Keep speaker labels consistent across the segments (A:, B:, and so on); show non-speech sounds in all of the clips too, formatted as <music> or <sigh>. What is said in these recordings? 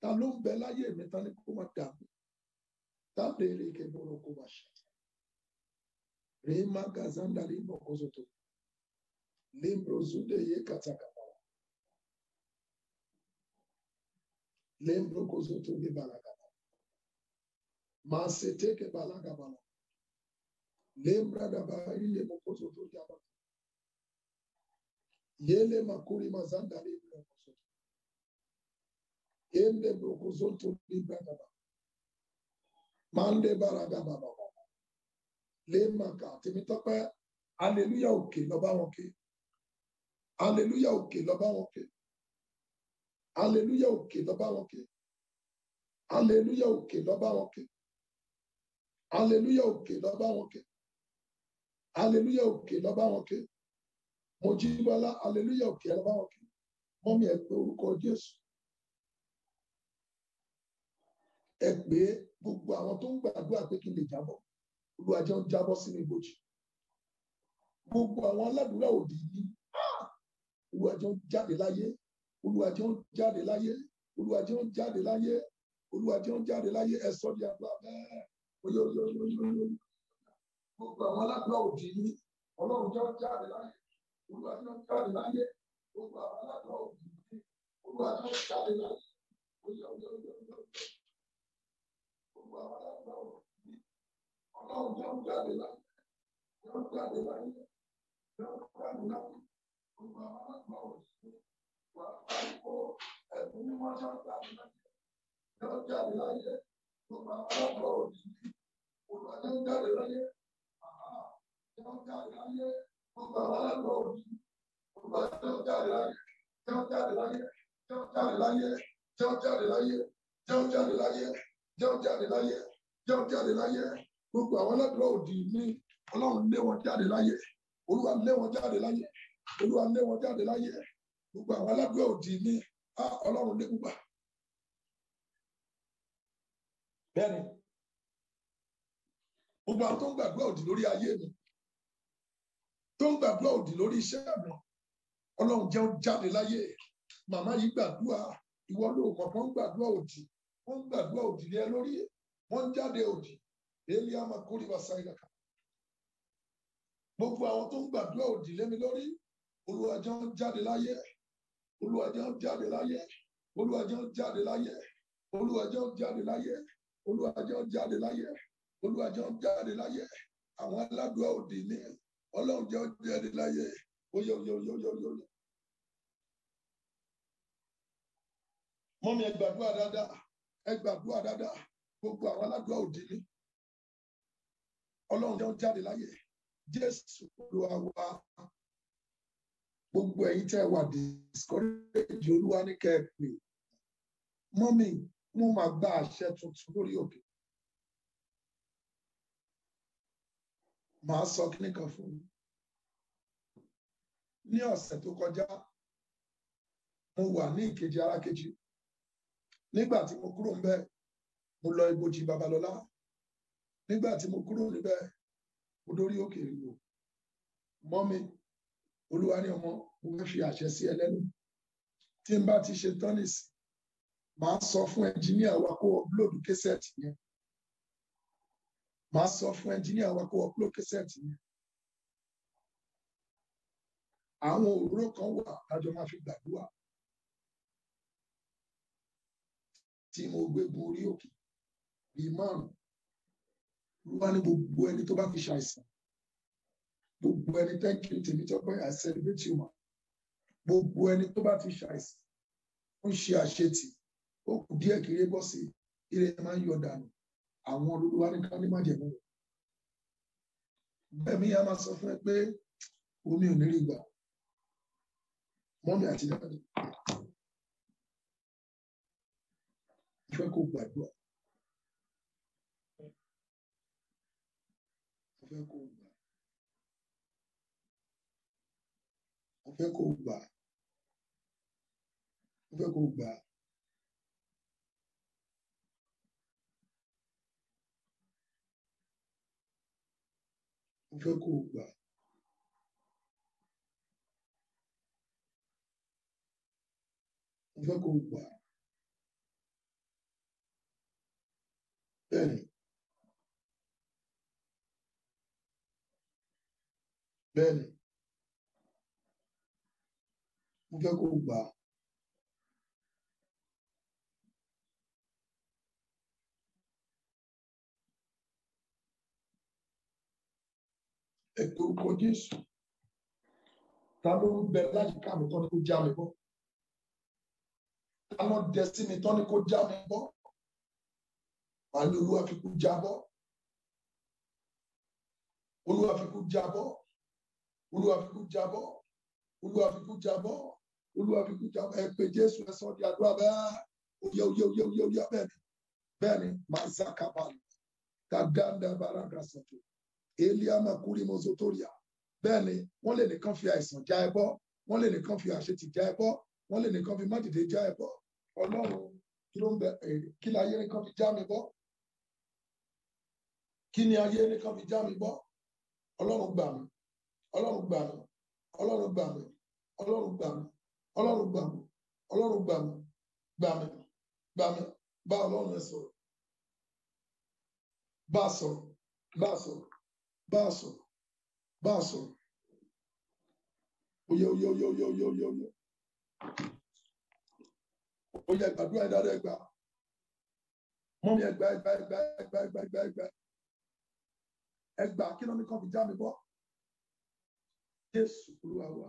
A: ta ló ń bẹ láyé mi ta ni kó má dààmú
B: ta béèrè kébòrò kó má ṣe rèé má gazanda rí mọ̀kóso limbrozunde ye katakabala lembrokozoto ge balagabala masete ke balagabala lembradaba ile mokozoto jaba yele makuri mazanda limbrokozoto Ende brokozoto libagaba. Mande baragaba baba. Lémaka Tèmítọ́pẹ́. Aleluya òkè ok wọn ké. Aleluya òkè lọ́ba wọn ké. ok òkè ok wọn ké. Aleluya òkè lọ́ba wọn ké. ok òkè ok wọn ké. ok òkè ok wọn ké. Mojíbọ́lá Aleluya òkè lọ́ba wọn ké. Mọ́mí ẹ pé orúkọ Jésù. ẹ pé gbogbo àwọn tó ń gbàdúrà pé kí n lè jábọ́ olúwa jẹ́ ń jábọ́ sínú ibojì gbogbo àwọn aládùúrà òdì yìí ah! olúwa jẹ́ ń jáde láyé olúwa jẹ́ ń jáde láyé olúwa jẹ́ ń jáde láyé olúwa jẹ́ ń jáde láyé ẹ sọ di àgbà bẹ́ẹ̀ oyoyoyoyoyo gbogbo àwọn aládùúrà òdì yìí ọlọ́run jẹ́ ń jáde láyé olúwa ń jáde láyé gbogbo àwọn aládùúrà òdì yìí olúwa ń jáde láyé oyoyoyoyo. Ọlọ́run jẹ́ ń jáde láyé. Yóò jáde láyé. Yóò jáde láyé. Gbogbo àwọn àgbà òṣìṣẹ́ wà láìpọ̀ ẹ̀bùn ní wọ́n ṣáà jáde láyé. Yóò jáde láyé. Gbogbo àwọn àgbà òṣìṣẹ́ olùwàjẹ́ ń jáde láyé. Yóò jáde láyé. Gbogbo àwọn àgbà jẹun jáde láyé jẹun jáde láyé gbogbo àwọn aládùúrà òdì ní ọlọ́run lé wọn jáde láyé olúwa lé wọn jáde láyé olúwa lé wọn jáde láyé gbogbo àwọn aládùúrà òdì ní ọlọ́run lé gbogbo. bẹ́ẹ̀ni gbogbo àwọn tó ń gbàdúrà òdì lórí ayé mi tó ń gbàdúrà òdì lórí iṣẹ́ mi ọlọ́run jẹun jáde láyé màmá yìí gbàdúrà ìwọ ló mọ̀ fún gbàdúrà òdì wọ́n gbàdúrà òdì lé ẹ lórí wọ́n jáde òdì èlé àmà kórìíra sáyidà kan gbogbo àwọn tó ń gbàdúrà òdì lé mi lórí olùwàjọ ń jáde láyé olùwàjọ ń jáde láyé olùwàjọ ń jáde láyé olùwàjọ ń jáde láyé olùwàjọ ń jáde láyé olùwàjọ ń jáde láyé àwọn aládùúgbò òdì ní ọlọ́run jáde láyé oyè oyè oyè oyè oyè oyè. mọ́mí ẹ gbàdúrà dáadáa. ẹ gbàdúrà dáadáa gbogbo àwọn aládùúgbò òdì ni ọlọ́run jẹun jáde láyè jésù olúwa wa gbogbo ẹ̀yin tẹ́ wà discourage olúwa ní kẹ́ẹ̀pẹ́ mọ́mì mo máa gba àṣẹ tuntun lórí òkè sọ kíní kan fún mi ní ọ̀sẹ̀ tó kọjá mo wà ní ìkejì ara kejì nígbà tí mo kúrò níbẹ̀ mo lọ ibojì babalọ́lá nígbà tí mo kúrò níbẹ̀ mo dórí òkè ìlú mọ́ mi olúwa ní ọmọ mo fẹ́ fi àṣẹ sí ẹ lẹ́nu tí n bá ti ṣe tọ́nìs màá sọ fún ẹnjìníà wa kó ọpulóòdù kẹsẹ̀tì yẹn màá sọ fún ẹnjìníà wa kó ọpulóòdù kẹsẹ̀tì yẹn àwọn òróró kan wà lájọ máa fi gbàdúrà tí mo gbégun orí òkè bíi márùn olúwa ní gbogbo ẹni tó bá fi ṣàìsàn gbogbo ẹni tẹ́kì tèmi tó pẹ́ àṣẹlẹ́tì wọn gbogbo ẹni tó bá fi ṣàìsàn ó ń ṣe àṣetì ó kù díẹ̀ kéré bọ́ sí ilé máa ń yọ dànù àwọn olúwa ní ká ní májẹ̀mú rẹ̀ bẹ́ẹ̀ mi a máa sọ fún ẹ pé omi ò ní rí gbà mọ́mí àti dáadé o que é o coupable. O que é o fait O que é o
A: On O que é o combat. bẹ́ẹ̀ni
B: <clears throat> bẹ́ẹ̀ni mo fẹ́ kó gbà á. ẹ̀tọ́ orúkọ Jésù ta ló bẹ láti ká mi tán ni kó já mi bọ́ ta ló dẹ sí mi tán kó já mi bọ́ wà ní olúwa fi kú jábọ́ olúwa fi kú jábọ́ olúwa fi kú jábọ́ olúwa fi kú jábọ́ olúwa fi kú jábọ́ ẹ pé jésù ẹ sọ di àdúrà bẹ́ẹ̀ oyè oyè oyè oyè oyè bẹ́ẹ̀ ni bẹ́ẹ̀ ni mazakabali kaganda baraga sọtò eliama kuri mozotoria bẹ́ẹ̀ ni wọ́n lè nìkan fi àìsàn já ẹbọ wọ́n lè nìkan fi àṣetì já ẹbọ wọ́n lè nìkan fi má dìde já ẹbọ ọlọ́run kí ló ń bẹ kí láyé nìkan fi já mi bọ́ kí ni ayé nìkan fi já mi gbọ́ ọlọ́run gbà mí ọlọ́run gbà mí ọlọ́run gbà mí ọlọ́run gbà mí ọlọ́run gbà mí ọlọ́run gbà mí gbà mí gbà mí bá ọlọ́run ẹ sọ̀rọ̀ bá a sọ̀rọ̀ bá a sọ̀rọ̀ bá a sọ̀rọ̀ bá a sọ̀rọ̀ oyè oyè oyè oyè oyè oyè oyè oyè gbàdúrà ẹ dáadáa gbà mọ́mí ẹ gbà ẹ gbà ẹ gbà ẹ gbà ẹ gbà ẹ gbà ẹgbà kí ló ní kan fi já mi bọ́ jésù olúwa wa.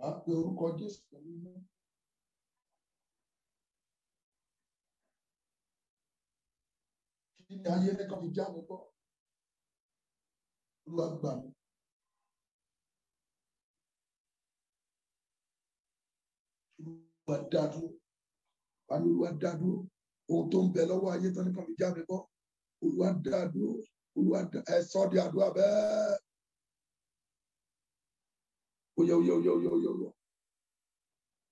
B: wà á pe orúkọ Jésù pẹ̀lú iná. kí ni ayé rẹ kàn fi já mi bọ́ Olúwa gbà mí. Olúwa dá dúró Olúwa dá dúró ohun tó ń bẹ lọ́wọ́ ayé tó ní kàn fi já mi bọ́ Olúwa dá dúró Olúwa ẹ sọ di àdúrà bẹ́ẹ̀ ó yọ yọ yọ yọ yọ yọ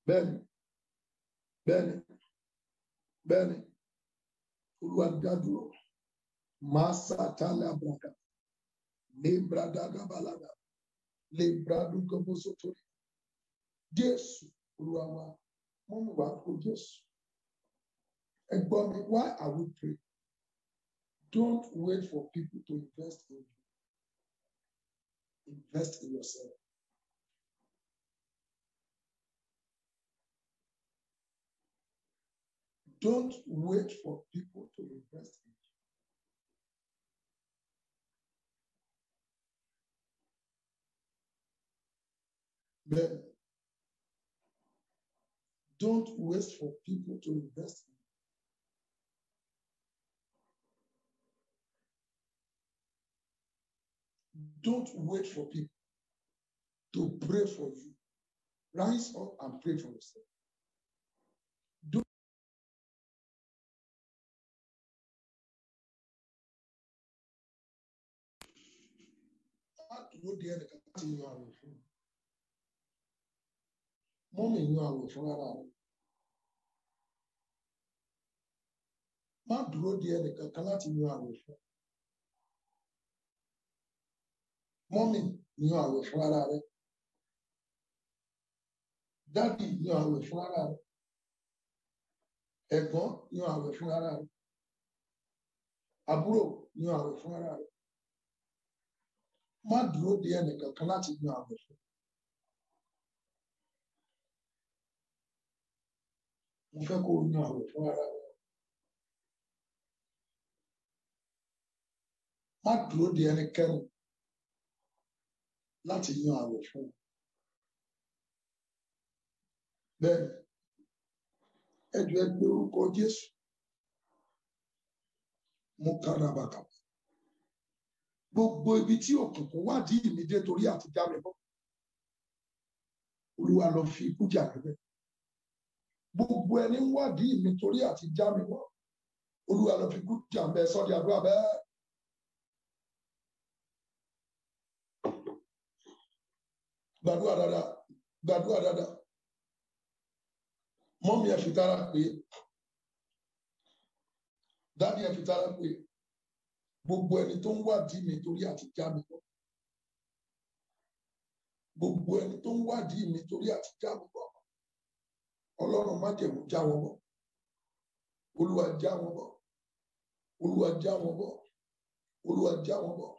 B: bẹ́ẹ̀ni bẹ́ẹ̀ni bẹ́ẹ̀ni olúwa dádúró máa sàtàlà bàdà lè bàdà gàbàlàgà lè bàdù gọmọsọ torí wa wọn wa kó jésù ẹ̀gbọ́n why are we praying don't wait for people to invest in you invest in yourself. don't wait for people to invest in you. don't wait for people to invest in you. Don't wait for people to pray for you. Rise up and pray for yourself.
A: yóò di ẹnìkan láti yan àwẹ̀ fún mọ́mì yan àwẹ̀
B: fún ara rẹ̀ má dúró di ẹnìkan kan láti yan àwẹ̀ fún mọ́mì yan àwẹ̀ fún ara rẹ̀ dádì yan àwẹ̀ fún ara rẹ̀ ẹ̀gbọ́n yan àwẹ̀ fún ara rẹ̀ àbúrò yan àwẹ̀ fún ara rẹ̀. mmadụ dúró de ẹnìkankan láti yan àwẹ̀ fún. onye fẹ́ ara rẹ. má dúró de láti yan àwẹ̀ fún. bẹ́ẹ̀ ẹjọ́ orúkọ Jésù gbogbo ibi tí òkùnkùn wádìí mi dé torí àti já mi bọ́ olúwa lọ fi ikú jà níbẹ̀ gbogbo ẹni ń wádìí mi torí àti já mi bọ́ olúwa lọ fi ikú jà bẹ sọ́dí àdúrà bẹ́ẹ̀. gbàdúrà dáadáa gbàdúrà dáadáa mọ́mí ẹ̀ fi tara pé dádì ẹ̀ fi tara pé gbogbo ẹni tó ń wádìí mi torí àti já mi lọ gbogbo ẹni tó ń wádìí mi torí àti já mi lọ ọlọ́run má jẹ̀mú já wọn bọ̀ olúwa já wọn bọ̀ olúwa já wọn bọ̀ olúwa já wọn bọ̀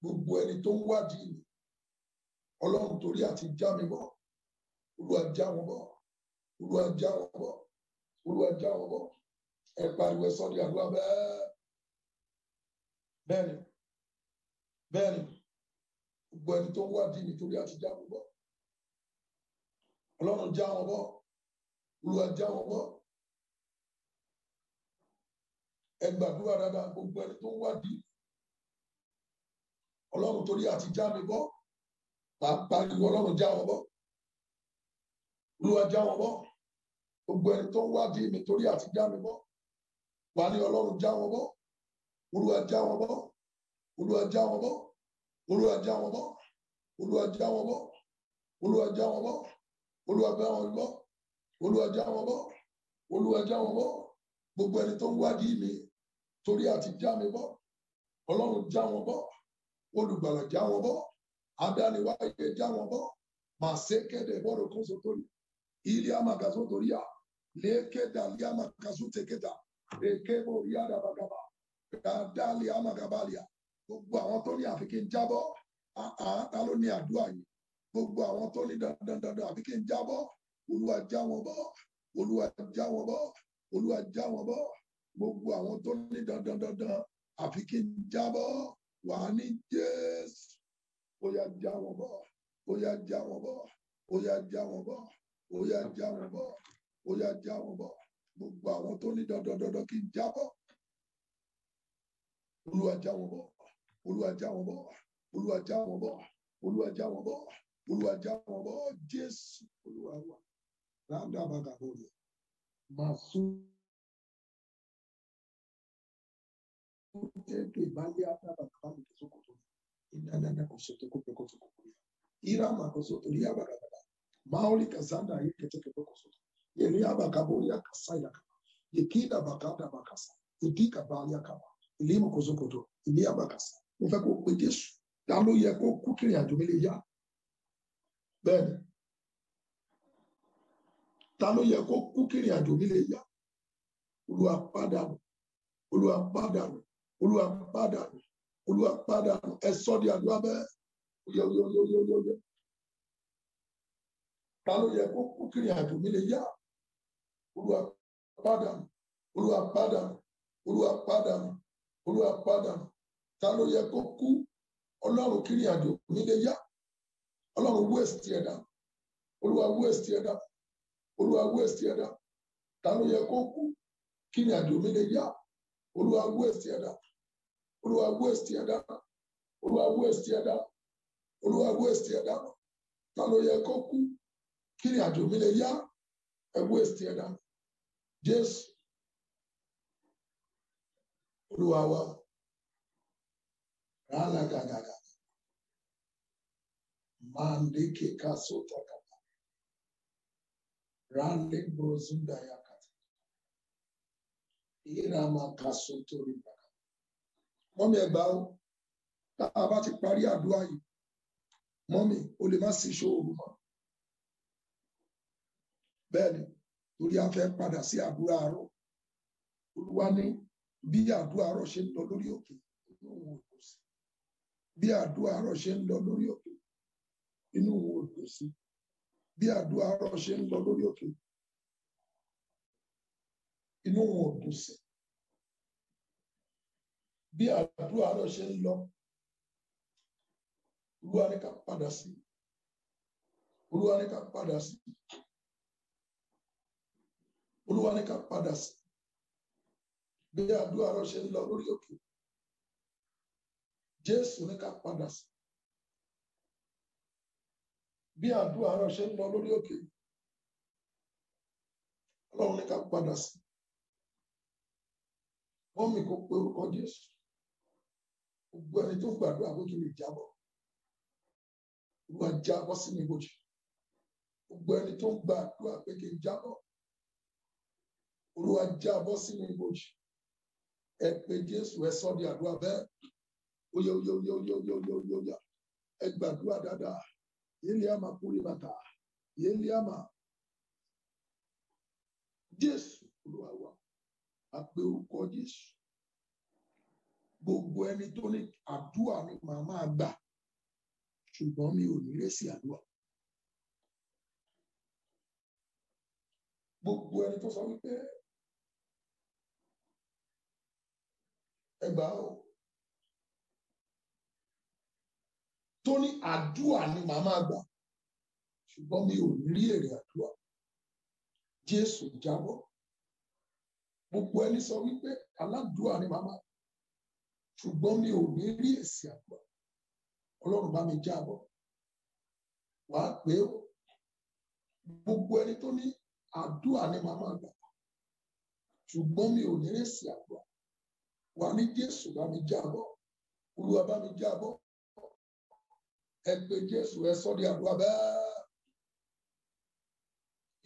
B: gbogbo ẹni tó ń wádìí mi ọlọ́run torí àti já mi bọ̀ olúwa já wọn bọ̀ olúwa já wọn bọ̀ olúwa já wọn bọ̀ ẹ pariwo ẹ sọ di àdúrà bẹ́ẹ̀ bẹ́ẹ̀ni bẹ́ẹ̀ni gbogbo ẹni tó ń wádìí nítorí àti já wọn bọ́ ọlọ́run já wọn bọ́ olúwa já wọn bọ́ ẹ gbàdúrà dáadáa gbogbo ẹni tó ń wádìí ọlọ́run torí àti já mi bọ́ máa pariwo ọlọ́run já wọn bọ́ olúwa já wọn bọ́ gbogbo ẹni tó ń wádìí mi àti já mi bọ́ wà ní ọlọ́run já wọn bọ́ olúwa já wọn bọ́ olúwa já wọn bọ́ olúwa já wọn bọ́ olúwa já wọn bọ́ olúwa já wọn bọ́ olúwa bá wọn bọ́ olúwa já wọn bọ́ olúwa já wọn bọ́ gbogbo ẹni tó ń wádìí mi torí àti já mi bọ́ ọlọ́run já wọn bọ́ olùgbàlà já wọn bọ́ adániwáyé já wọn bọ́ màá kéde bọ́ọ̀rọ̀ kan sọ torí ilé amagaso torí à lè kéde àlè amagaso tẹ̀kéda èké bò rí àdàbàgàbà dáadáa amagabalia gbogbo àwọn tó ní àfi kí n jábọ́ àáta ló ní àdúrà yìí gbogbo àwọn tó ní dandan dandan àfi kí n jábọ́ olúwa já wọn bọ́ olúwa já wọn bọ́ olúwa já wọn bọ́ gbogbo àwọn tó ní dandan dandan àfi kí n jábọ́ wà á ní jésù ó yá já wọn bọ́ ó yá já wọn bọ́ ó yá já wọn bọ́ ó yá já wọn bọ́ ó yá já wọn bọ́ gbogbo àwọn tó ní dandan kí n jábọ́. olúwa já wọn bọ̀ olúwa já wọn bọ̀ olúwa já wọn bọ̀ olúwa já wọn bọ̀ olúwa wọn bọ̀ jésù olúwa wa láńdà bàgàbọ̀ rẹ̀ máa sún. teke bali maoli ya ya ya ilé ìmọ̀ ilé àbàkàsà mo fẹ́ kó pe jésù ta ló yẹ kó kú kiri àjò mi lè yá bẹ́ẹ̀ ni ta ló yẹ kó kú kiri àjò mi lè yá olúwa padà nù olúwa padà nù olúwa padà nù olúwa padà nù ẹ sọ di àdúrà bẹ́ẹ̀ yọyọyọyọyọ ta ló yẹ kó kú kiri àjò mi lè yá olúwa padà nù olúwa pàdánù ta ló yẹ kó kú ọlọ́run kiri àjò nílé yá ọlọ́run west ẹ̀dá olúwa west ẹ̀dá olúwa ẹ̀dá ta ló yẹ kó kú kiri àjò nílé yá olúwa west ẹ̀dá olúwa west ẹ̀dá olúwa ẹ̀dá olúwa ẹ̀dá ta ló yẹ kó kú kiri àjò nílé yá ẹ̀dá jésù. olúwa wa rárá gàgàgà máa ń lékè ká sóta kàkà rárá gbòòzúndà yà kàtà ìyára máa o tá a bá ti parí àdúrà yìí mọ́mí o lè má sí ṣòro mọ́ bẹ́ẹ̀ torí a bí àdúrà àárọ̀ ṣe ń lọ lórí òkè inú òun ò dùn sí bí àdúrà àárọ̀ ṣe ń lọ lórí òkè inú òun ò dùn sí bí àdúrà àárọ̀ ṣe ń lọ lórí òkè inú òun ò dùn sí bí àdúrà àárọ̀ ṣe ń lọ olúwa padà sí olúwa padà sí olúwa padà sí bí àdúrà rẹ ṣe ń lọ lórí òkè jésù ní ká padà sí bí àdúrà rẹ ṣe ń lọ lórí òkè ọlọ́run ní ká padà sí wọ́n mi kò pe orúkọ jésù gbogbo ẹni tó gbàdúrà bó tún lè jábọ̀ olúwa jábọ́ sí mi bójú gbogbo ẹni tó gbàdúrà pé kí n jábọ̀ olúwa jábọ́ sí mi ẹ pé jésù ẹ sọ di àdúrà bẹ́ẹ̀ oyè oyè oyè oyè oyè oyè oyè oyè ẹ gbàdúrà dáadáa yéèlì àmà kúrì bàtà yéèlì àmà jésù olúwa wa a pé orúkọ jésù gbogbo ẹni tó ní àdúrà ni màá máa gbà ṣùgbọ́n mi ò ní rẹ́sì àdúrà. gbogbo ẹni tó sọ wípé ẹgbà o tó ní àdúà ni màá máa gbà ṣùgbọ́n mi ò ní rí èrè àdúà Jésù jábọ̀ gbogbo ẹni sọ wípé aládùúà ni màá máa ṣùgbọ́n mi ò ní rí èsì àdúà Ọlọ́run bá mi jábọ̀ wàá pé o gbogbo ẹni tó ní àdúà ni màá máa gbà ṣùgbọ́n mi ò ní rí èsì àdúà wà ní Jésù bá mi jábọ́ Olúwa bá mi jábọ́ ẹ pé Jésù ẹ sọ di àdúrà bẹ́ẹ̀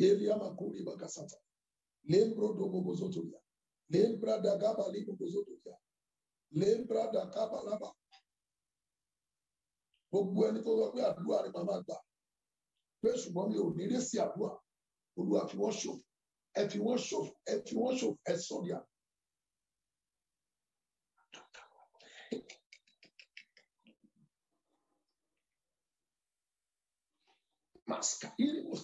B: elia makuri bakasata lembro do bobozotoria lembra da gaba li bobozotoria lembra da kaba laba gbogbo ẹni tó sọ pé àdúrà rẹ màmá gbà pé ṣùgbọ́n mi ò ní rẹ́sì àdúrà Olúwa fi wọ́n ṣòfò ẹ fi wọ́n ṣòfò ẹ fi wọ́n ṣòfò ẹ sọ di àdúrà.
A: mas cairemos.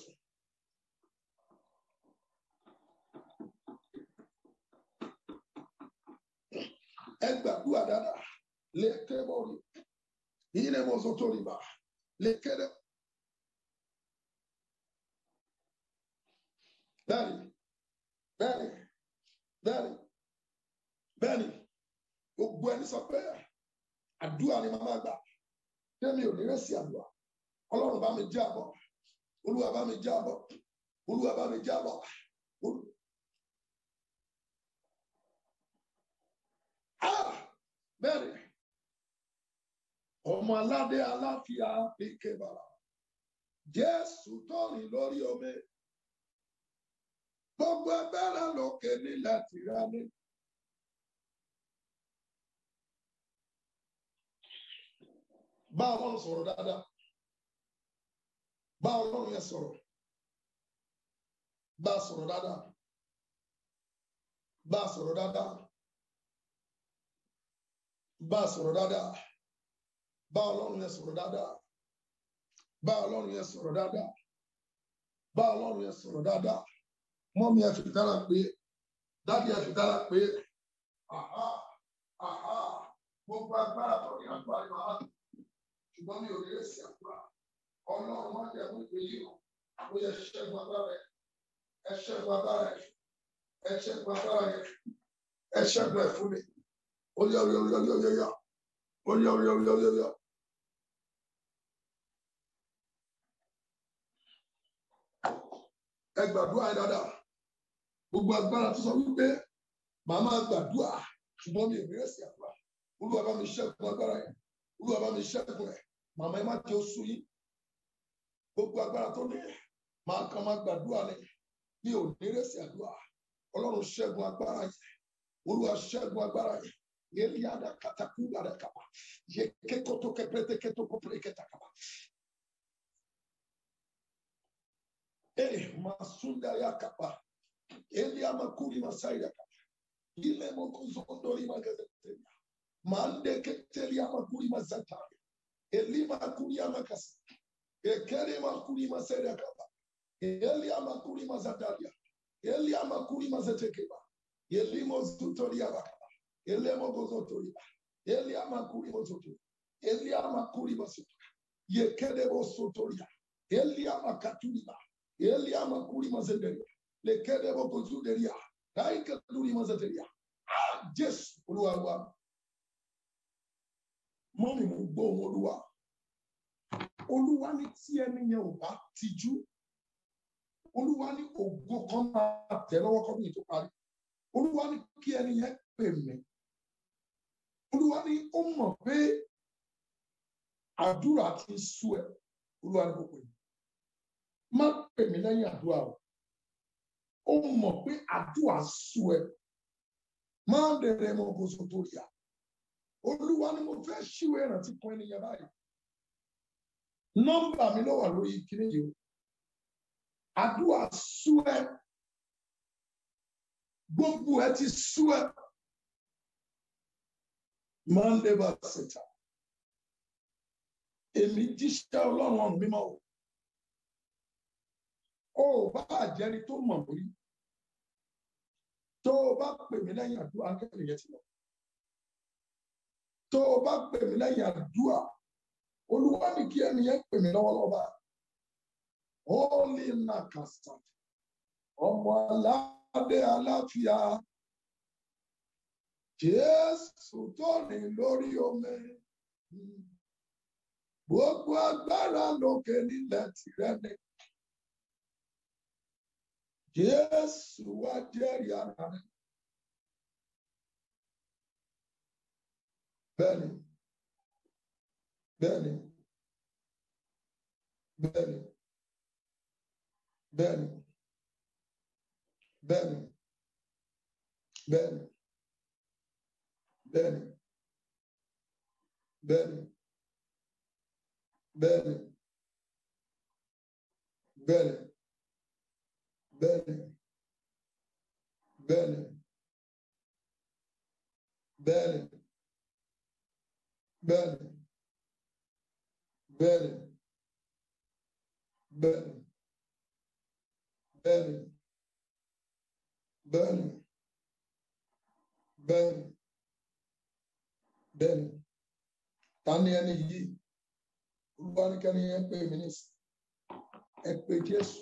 B: Ẹ gbàdúrà dáadáa lè kébọ̀ rí ilẹ̀ mọ̀sán tó rí bá lè kéde. Bẹ́ẹ̀ni, bẹ́ẹ̀ni, bẹ́ẹ̀ni, bẹ́ẹ̀ni, gbogbo ẹni sọ pé àdúrà ni màmá gbà. Kémi ò ní rẹ̀ sí àdúrà, ọlọ́run bá mi jẹ́ àbọ̀ olúwa bá mi jábọ̀ olúwa bá mi jábọ̀. Ah! bẹ́ẹ̀ ọmọ aládé aláfíà pèké bàrà jésù tọrin lórí ọmọ gbogbo agbára lókè nílẹ̀ tìrà ní. bá a sọ̀rọ̀ dáadáa bá ọlọ́run yẹn sọ̀rọ̀ bá a sọ̀rọ̀ dáadáa bá a sọ̀rọ̀ dáadáa bá a sọ̀rọ̀ dáadáa bá ọlọ́run yẹn sọ̀rọ̀ dáadáa bá ọlọ́run yẹn sọ̀rọ̀ dáadáa bá ọlọ́run yẹn sọ̀rọ̀ dáadáa mọ́mí ẹ fi dára pé dáàbì ẹ fi dára pé àhá àhá gbogbo agbára tó ní agbára yóò hàn ṣùgbọ́n mi ò lè ṣe àgbára ọlọ́run wọn jẹ́ fún ìpè yìí ó yẹ ṣẹ́gun agbára ẹ̀ ẹ ṣẹ́gun agbára ẹ̀ ẹ ṣẹ́gun agbára ẹ̀ ẹ ṣẹ́gun ẹ̀ fún mi ó yẹ ó yẹ ó yẹ ó yẹ ó yẹ ó yẹ ó yẹ ó yẹ ó yẹ ó yẹ. ẹ gbàdúrà yẹn dáadáa gbogbo agbára tó sọ wípé màmá gbàdúrà ṣùgbọ́n mi ìbílẹ̀ sí àgbà olúwa bá mi ṣẹ́gun agbára yẹn olúwa bá mi ṣẹ́gun ẹ̀ màmá ẹ má jẹ́ oṣù yìí gbogbo agbára tó ní máa kàn máa gbàdúrà ni bí ò ní rẹsì àdúrà ọlọ́run ṣẹ́gun agbára yẹn olúwa ṣẹ́gun agbára yẹn yeliada katakuba rekaba yekekoto keprete ketoko preketakaba e masunda yakaba eliamakuri masairakaba ilemokozondori magazetemia mandeketeliamakuri mazataya elimakuri amakasa ekele makurima serekaba elia makurima zadaria elia makurima zetekeba elimo zutoriabakaba elemo gozotoriba elia makurima zotoriba elia makurima sotoriba yekedebo sotoria elia makaturiba elia makurima zederia lekedebo gozuderia kaikadurima zeteria ah jésù olúwa wa mọ́mí mo gbọ́ ohùn olúwa olúwa ní tí ẹni yẹn ò bá tijú olúwa ní ògo kan máa tẹ̀ lọ́wọ́ kọ́dún yìí tó parí olúwa ní kí ẹni yẹn pè mí olúwa ní ó mọ̀ pé àdúrà ti sú ẹ olúwa ní kò pè má pè mí lẹ́yìn àdúrà o ó mọ̀ pé àdúrà sú ẹ má dẹrẹ mọ gbóso tó yà olúwa ní mo fẹ́ ṣíwèé ìrántí kan ẹni yẹn báyìí nọ́mbà mi ló wà lórí kíní yìí o àdúrà sú gbogbo ẹ ti sú ẹ máa ń lébà síta èmi jíṣẹ́ ọlọ́run mímọ́ o ó bá àjẹrí tó mọ̀ lórí tó o bá pè mí lẹ́yìn àdúrà kẹ́lẹ́ lọ tó o bá pè mí lẹ́yìn àdúrà. Oruwa nke emi ya nkwemela ọlọba. Holy Nacastate, ọmụ ala Jesu tọrọ n'ilọri omeri. Bụ ọkụ agbara nọ nke nile Tirene. Jesu wa dịịrị aka. bẹ́ẹ̀ni bẹ́ẹ̀ni bẹ́ẹ̀ni bẹ́ẹ̀ni bẹ́ẹ̀ni bẹ́ẹ̀ni bẹ́ẹ̀ni bẹ́ẹ̀ni bẹ́ẹ̀ni bẹ́ẹ̀ni bẹ́ẹ̀ni bẹ́ẹ̀ni bẹ́ẹ̀ni. bẹ́ẹ̀ni bẹ́ẹ̀ni bẹ́ẹ̀ni bẹ́ẹ̀ni bẹ́ẹ̀ni bẹ́ẹ̀ni ta ni ẹni yìí olúwanikẹ́ni ẹ pé mi ní ẹ pé Jésù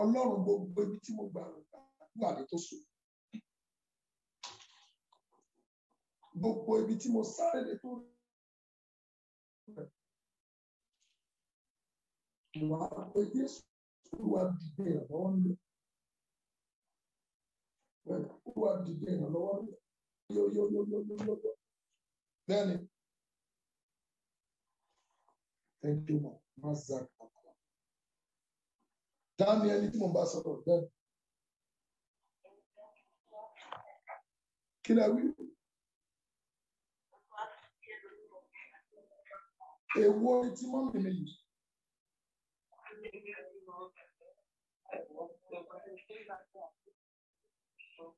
B: Ọlọ́run gbogbo ibi tí mo gbà wà ní tó sùn. Gbogbo ibi tí
A: mo sáré lè tó rẹ̀
B: o wá pé Jésù o dìde ìrànlọ́wọ́ nílẹ̀. Ó wá dìde ìrànlọ́wọ́ nílẹ̀. Yóyóyóyóyóyó. Bẹ́ẹ̀ni. Thank you, que Má zàkà. Dáàmì ẹni tí mo bá sọ̀rọ̀ que Kí ni a wí? Èwo ni tí mọ́mì mi yìí?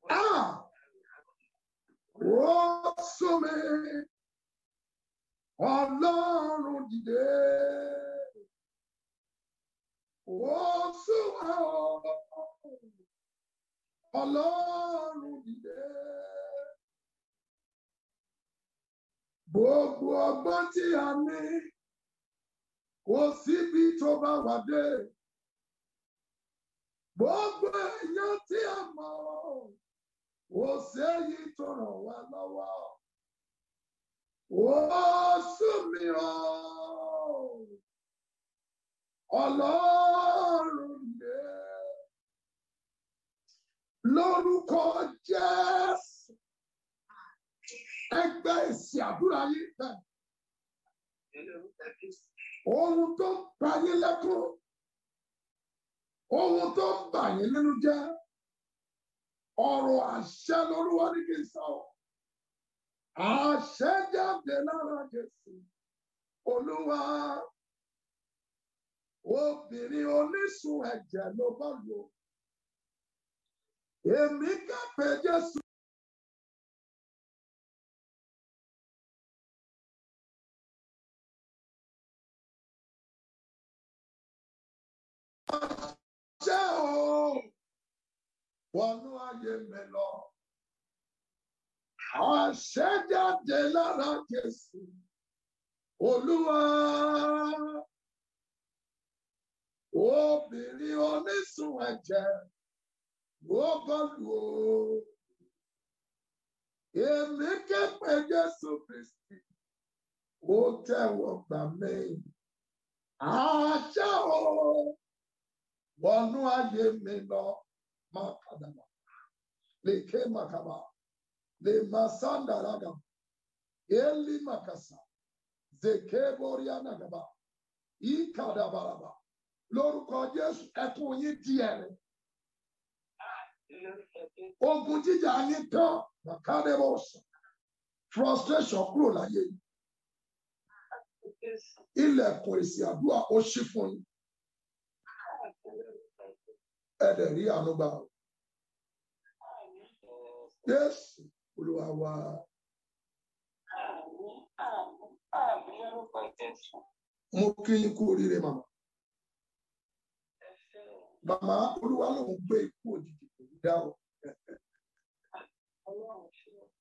B: Ah! Ó sómi Ọlọ́run dìde. Ó súnmọ́ Ọlọ́run dìde. Gbogbo ọgbọ́n tí a ní kò síbi tó bá wà dé gbogbo èèyàn tí a mọ̀ ò séyí tó ràn wá lọ́wọ́ ó sùn mí o ọlọ́run lè lórúkọ jésù ẹgbẹ́ èsì àdúrà yìí bẹ́ẹ̀ ohun tó ń pa lẹ́kọ̀ọ́ ohun tó ń bà yín nínú jẹ́ ọ̀rọ̀ àṣẹ lórúwọ́ ní kí n sọ àṣẹ jáde lára Jésù Olúwa obìnrin onísun ẹ̀jẹ̀ ló bá lò
A: èmi kẹ́pẹ́ Jésù
B: wọnú ayé mi lọ. Àṣẹ jáde lára Jésù, Olúwa. Obìnrin onísun ẹ̀jẹ̀ ló bọ́lù o. Èmi ké pe Jésù Kristì, ó tẹ̀wọ̀ gbà mí. Àṣẹ o, wọnú ayé mi lọ makadaba leke makaba le masanda ragaba eli makasa zeke boriana gaba ikadabaraba lórúkọ Jésù ẹkún yín díẹ̀ rẹ ogun jíjà yín tán makadebọsọ frustration kúrò láyé ilẹ̀kùn èsì àdúrà ó ṣí fún ẹ̀dẹ̀ rí ànúgbà o. Jésù Olúwa wa. Mo kí yín kú oríire màmá. Màmá Olúwa lòun gbé ikú òjijì kò ní dá o.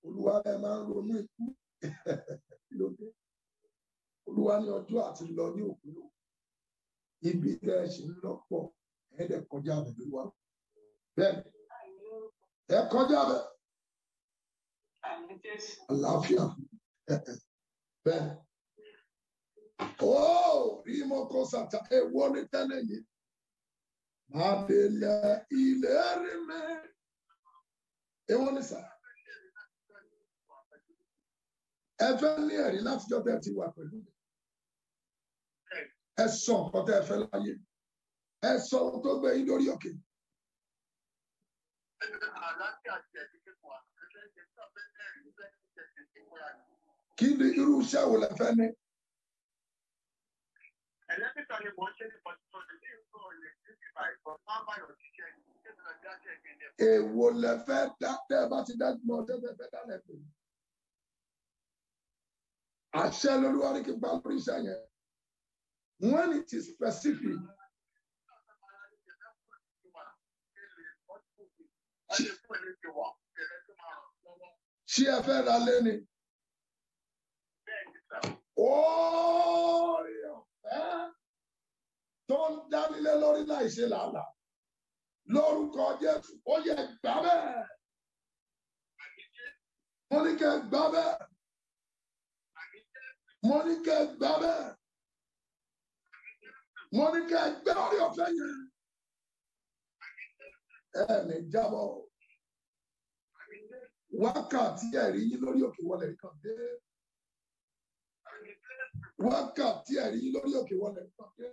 B: Olúwa ẹ máa ń ronú ikú <laughs> Olúwa ní ọjọ́ àti lọ ní òkúrò. Ibi tẹ́ ẹ ṣì ń lọ́pọ̀ kọjá bẹ̀ lórí wa bẹ́ẹ̀ ẹ kọjá bẹ̀ àlàáfíà bẹ́ẹ̀ ó rí mo kọ sàtà èwo ní tẹ́lẹ̀ yìí máa délé ilé rí mi èwo ní sà ẹ fẹ́ ní ẹ̀rí látijọ́ tẹ́ ti wà pẹ̀lú ẹ sọ nǹkan ẹ fẹ́ láyé ẹ sọ ohun tó gbé yín lórí òkè. kí ni irú iṣẹ́ wo lẹ fẹ́ ní.
C: ẹlẹ́pìtà ni mò ń ṣe ní pọ̀tùtù ní ìlú ọ̀lẹ̀ títí báyìí kan
B: máa bá yọ̀ ṣiṣẹ́ Èwo lẹ fẹ́ dá tẹ́ ẹ bá ti dá mọ́ tẹ́tẹ́ fẹ́ dá lẹ pè. Àṣẹ lolúwarí kí n pa lórí iṣẹ́ yẹn. When it is specific. ṣé ẹ fẹ́ ra lé ni. oore ọ̀fẹ́ tó ń dánilé lórí láìṣe làálàá lórúkọ Jésù ó yẹ gbà bẹ́ẹ̀ mo ní kẹ́ gbà bẹ́ẹ̀ mo ní kẹ́ gbà bẹ́ẹ̀ mo ní kẹ́ gbà orí ọ̀fẹ́ yẹn ẹ lè jábọ́ wákàtí ẹ̀rí yín lórí òkè wọlé kan dé wákàtí ẹ̀rí yín lórí òkè wọlé kan dé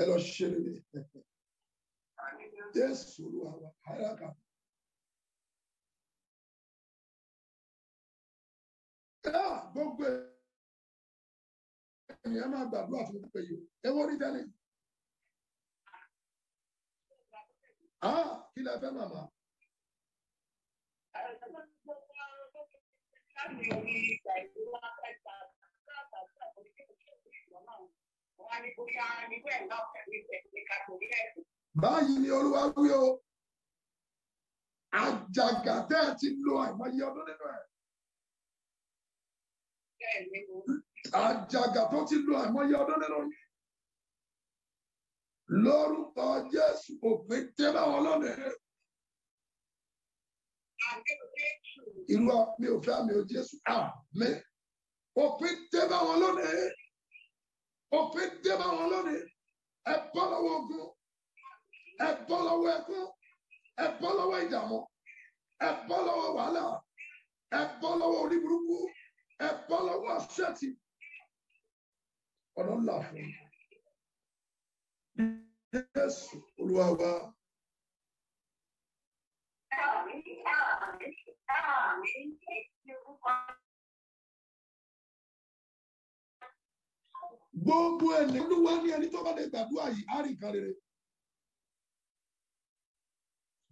B: ẹ lọ ṣe rere jésù
A: olúwa wa ara kà. gbogbo ènìyàn máa gbàdúrà fún
B: gbogbo èyí ẹ wọ́n rí tẹ́lẹ̀ ah kí lẹ fẹ́ màmá. báyìí ni olúwa wí o àjàgà tẹ́ ẹ ti lo àìmọye ọdún nínú ẹ̀. àjàgà tó ti lo àìmọye ọdún nínú yìí lórúkọ Jésù òpin tẹ́ báwọn lọ́nà irú mi ò fẹ́ àmì ò Jésù àmín òpin dé bá wọn lónìí òpin dé bá wọn lónìí ẹ bọ́ lọ́wọ́ ogun ẹ bọ́ lọ́wọ́ ẹkún ẹ bọ́ lọ́wọ́ ìdààmú ẹ bọ́ lọ́wọ́ wàhálà ẹ bọ́ lọ́wọ́ orí ẹ bọ́ lọ́wọ́ ṣẹ́ẹ̀tì ọ̀nà fún yìí. Jésù Olúwa wa. Gbogbo ẹni Olúwa ní ẹni tó bá lè gbàdúrà yìí, á rí nǹkan rere.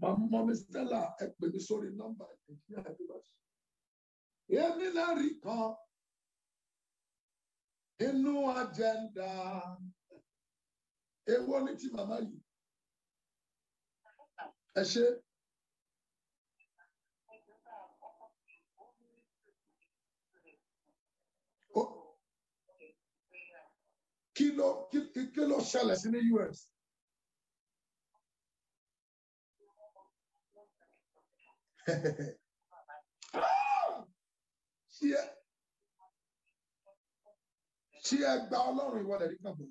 B: Màmá mi Stella ẹ pè mí sórí nọ́mbà Nàìjíríà Ẹ̀dúrásì. Èmi náà rí kan inú àjẹ́ndà èwo ni ti màmá yìí ẹ ṣe. kí kilo kí ló ṣẹlẹ̀ sí ní US. <laughs> ṣí ẹ gba ọlọ́run ìwọlẹ̀ nígbàgbọ́.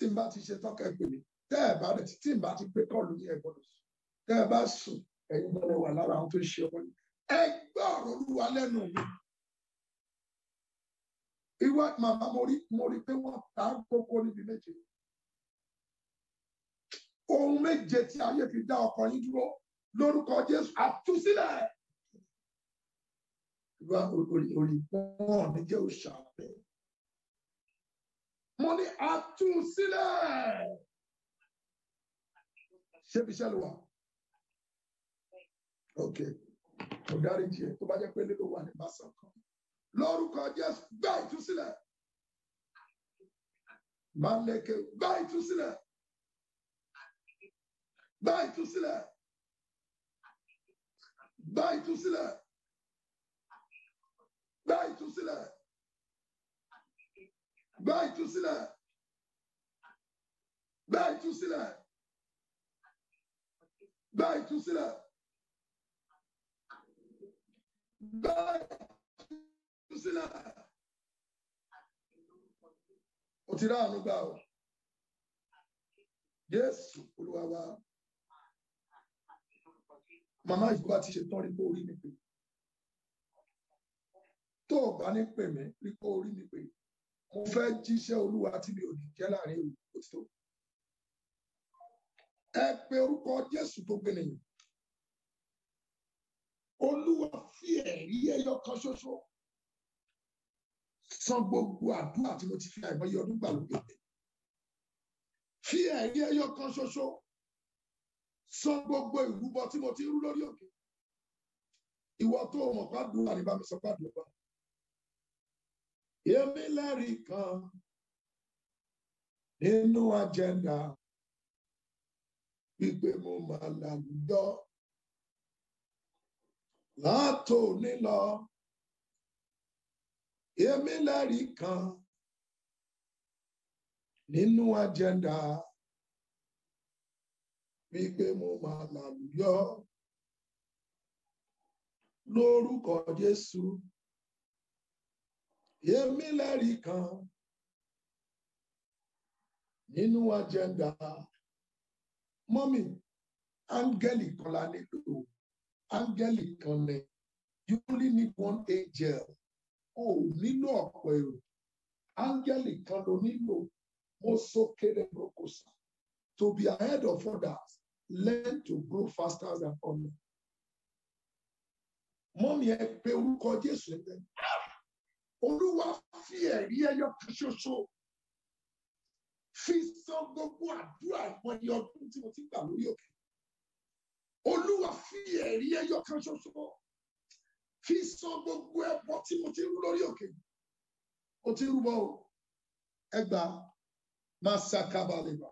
B: tí n bá ti ṣe tọ́ka ẹ pè mí tẹ́ ẹ bá rẹ̀ tí n bá ti pé kọ́ọ̀lù yẹn gbọ́dọ̀ sùn tẹ́ ẹ bá sùn ẹ̀yin gbọ́dọ̀ wà lára àwọn tó ń ṣe ọmọ yìí ẹ gbọ́ ọ̀rọ̀ olúwa lẹ́nu mi. Ìwà màmá mo rí mo rí pé wọ́n ta kókó níbi méje. Ohun méje tí ayé fi dá ọkọ yín dúró lórúkọ Jésù àtúnṣílẹ̀. Ìwà olùkọ́ wọn ò mo ní àtúnṣílẹ̀ ṣé fi ṣẹlẹ̀ wà ok kò dáríjì ẹ tó bá jẹ́ pé lílo wà ní bàṣán kan lórúkọ Jésù gbá ìtúsílẹ̀ maleke gbá ìtúsílẹ̀ gbá ìtúsílẹ̀ gbá ìtúsílẹ̀ gbá ìtúsílẹ̀ gbá ìtúsílẹ̀ gbá ìtúsílẹ̀ gbá ìtúsílẹ̀ gbá ìtúsílẹ̀ o ti ráàánú gbà o Jésù Olúwa wa màmá ìgbà ti ṣe tán rí kó orí mi pè tó o bá ní pè mí rí kó orí mi pè mo fẹ́ jíṣẹ́ olúwa tí mi ò ní jẹ́ láàrin òtítọ́ ẹ pe orúkọ jésù gbogbo ènìyàn olúwa fi ẹ̀rí ẹyọ kan ṣoṣo san gbogbo àdúrà tí mo ti fi àìmọye ọdún gbà lókè fi ẹ̀rí ẹyọ kan ṣoṣo san gbogbo ìrúbọ tí mo ti rú lórí òkè ìwọ tó mọ̀ pàdùn àríbámi sọ pàdùn ọba èmi lẹ́rìí kan nínú agenda wípé mo máa làlùjọ látòní nílọ, èmi lẹ́rìí kan nínú agenda wípé mo máa làlùjọ lórúkọ Jésù. èmi lẹ́rìí kan nínú agenda mọ́mì áńgẹ́lì kan la nílò áńgẹ́lì kan ni you only need one angel o ò nílò ọ̀pọ̀ èrò áńgẹ́lì kan ló nílò mo so kéré brokosa to be ahead of others learn to grow faster than others mọ́mì ẹ pé orúkọ jésù ẹ̀ bẹ́ẹ̀ olúwa fi ẹ̀rí ẹyọ kan ṣoṣo fi san gbogbo àdúrà ìmọ̀ni ọdún tí mo ti gbà lórí òkè olúwa fi ẹ̀rí ẹyọ kan ṣoṣo fi san gbogbo ẹbọ tí mo ti rú lórí òkè mo ti rúbọ o ẹgbà máa ṣàkàbàlẹ̀ bá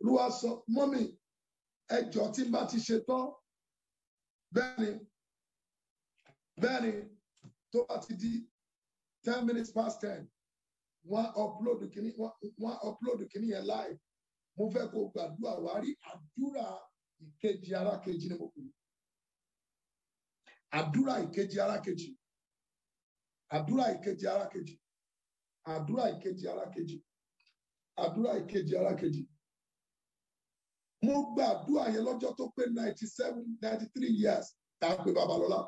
B: olúwa sọ mọ́mì ẹjọ́ tí n bá ti ṣe tán bẹ́ẹ̀ ni bẹ́ẹ̀ ni tó bá ti di ten minutes past ten wọ́n upload the kìíní wọ́n upload kìíní yẹn live mo fẹ́ kó gbàdúrà wá rí àdúrà ìkejì ara kejì ni mo pè é àdúrà ìkejì ara kejì àdúrà ìkejì ara kejì àdúrà ìkejì ara kejì àdúrà ìkejì ara kejì mo gbàdúrà yẹn lọ́jọ́ tó pé ninety seven ninety three years tá a pè Babalọ́lá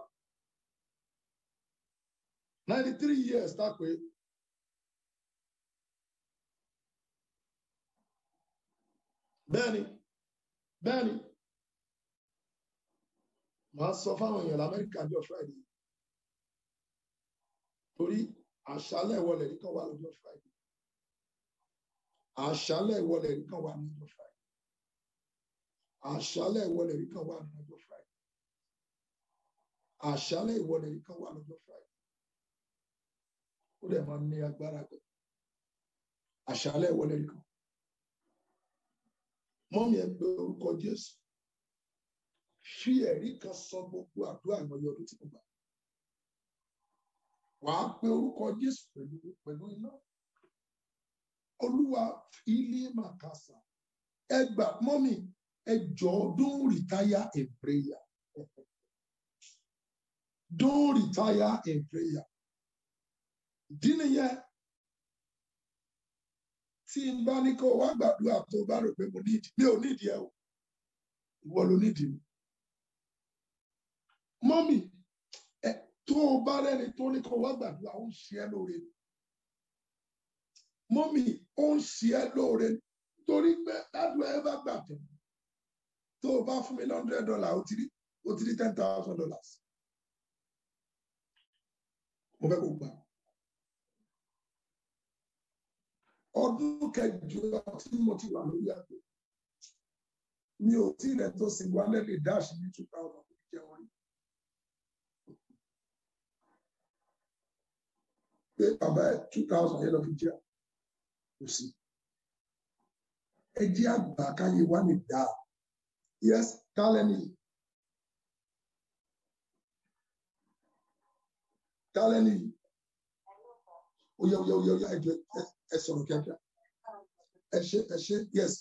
B: ninety three years way. Benny, Benny, my màá sọ fáwọn American lamẹ́ríkà Friday. ọ̀fẹ́ yìí torí àṣálẹ̀ ìwọlẹ̀ nìkan wà lọ́jọ́ friday àṣálẹ̀ ìwọlẹ̀ nìkan wà lọ́jọ́ friday àṣálẹ̀ ìwọlẹ̀ nìkan wà lọ́jọ́ friday àṣálẹ̀ ìwọlẹ̀ nìkan wà lọ́jọ́ friday ó dẹ̀ máa ní agbára gan àṣálẹ́ wọlé rí kan mọ́mí ẹ̀ pé orúkọ Jésù fi ẹ̀rí kan sọ gbogbo àdúrà àgbọ̀yọ̀ ọdún tí mo gbà wàá pe orúkọ Jésù pẹ̀lú pẹ̀lú iná olúwa ilé màkàsà ẹ gbà mọ́mí ẹ jọ don't retire in prayer <laughs> don't retire in prayer dí nìyẹn tí n bá ní kó wá gbàdúrà tó bá rò pé mo nídìí mi ò nídìí ẹ o ìwọ ló nídìí mi mọ́mì ẹ tó o bá rẹ́ni tó ní kó wá gbàdúrà ó ń ṣe ẹ́ lóore mọ́mì ó ń ṣe ẹ́ lóore torí pé ládùúgbò ẹ bá gbà tán tó o bá fún mi ní hundred dollar ó ti rí ó ti rí ten thousand dollars mo fẹ́ kó gbà á. ọdún kẹjọ tí mo ti wà lórí àgbẹ̀ mi ò tí rẹ̀ tó sì wálẹ̀ lè dáàṣì ní two thousand kò jẹ́ wọ́n yìí. pé bàbá ẹ two thousand yẹn lọ fi jẹ́ kò sí. ẹ àgbà káyé wá lè dá yes tálẹ́nì. tálẹ́nì. ó yá ó yá ó ẹ sọ̀rọ̀ kíákíá ẹ ṣe ẹ ṣe yes.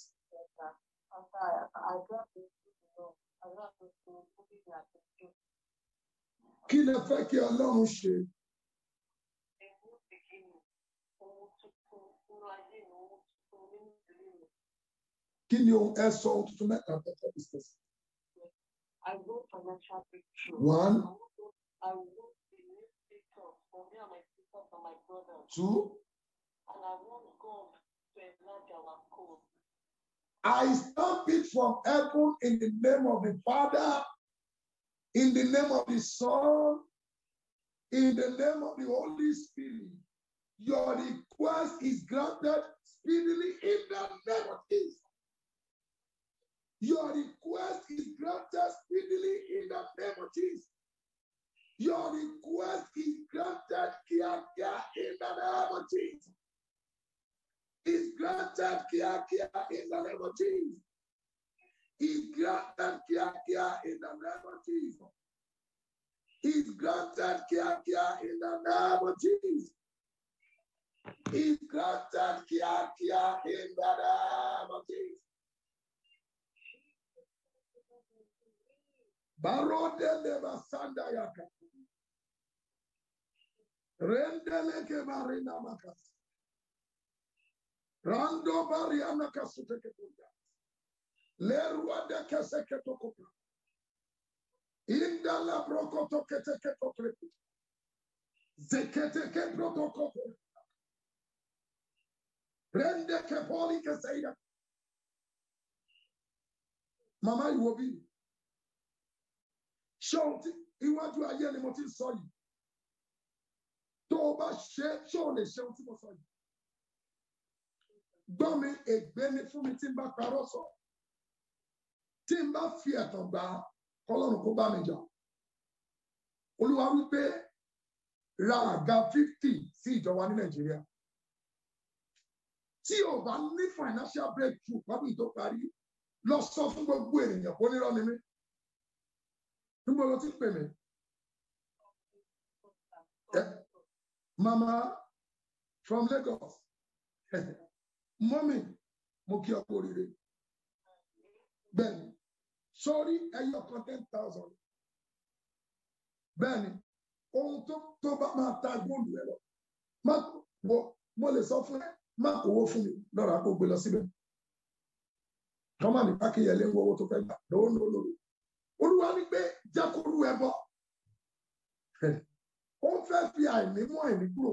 B: kí lẹ fẹ́ kí ọlọ́run ṣe. Kí ni ohun ẹ sọ ohun tuntun mẹ́ta tẹ́tẹ́ business? One. Two. and I stop to enlarge our I stamp it from heaven in the name of the Father, in the name of the Son, in the name of the Holy Spirit. Your request is granted speedily in the name of Jesus. Your request is granted speedily in the name of Jesus. Your request is granted in the name of Jesus is granted kia kia in the name of Jesus. He's granted kia kia in the name of Jesus. He's granted kia kia in the name of Jesus. He's granted kia kia in the name of Jesus. Barode leva sanda yaka. Rendeleke marina makasa. Rando bariana kasute ketulia. Lerua de kese ketokopra. Inda la brokoto kete ketoklepi. Zekete ke protokopo. Rende ke poli keseira. Mama iwobi. Shonti iwájú ayé ni mo ti sọ yìí. Tó o bá ṣe ṣó mo sọ gbọ́ mi ègbé ni fún mi tí n bá parọ́ sọ tí n bá fi ẹ̀tàn gbà kọlọ́run kó bá mi jà olúwa wípé ra àga fifty sí ìjọba ní nàìjíríà tí o bá ní financial breakthrough pàbí tó parí lọ sọ fún gbogbo ènìyàn kó nírọ́ ni mí nígbà tó pè mí mama from Lagos. <laughs> mọ́mì mo kí ọkọ rere bẹ́ẹ̀ni sọ́rí ẹyọ kan ten thousand bẹ́ẹ̀ni ohun tó tó bá máa ta góòlù ẹ lọ má wọ mo lè sọ fún ẹ má kówó fún mi lọ́ra kó gbé lọ síbẹ̀ tọ́mà ní pákíyẹlé ń wọ owó tó fẹ́ gbà lọ́wọ́ ní olóró olúwa ní pé jẹ́ kó rú ẹ bọ́ ó ń fẹ́ fi àìní mú àìní kúrò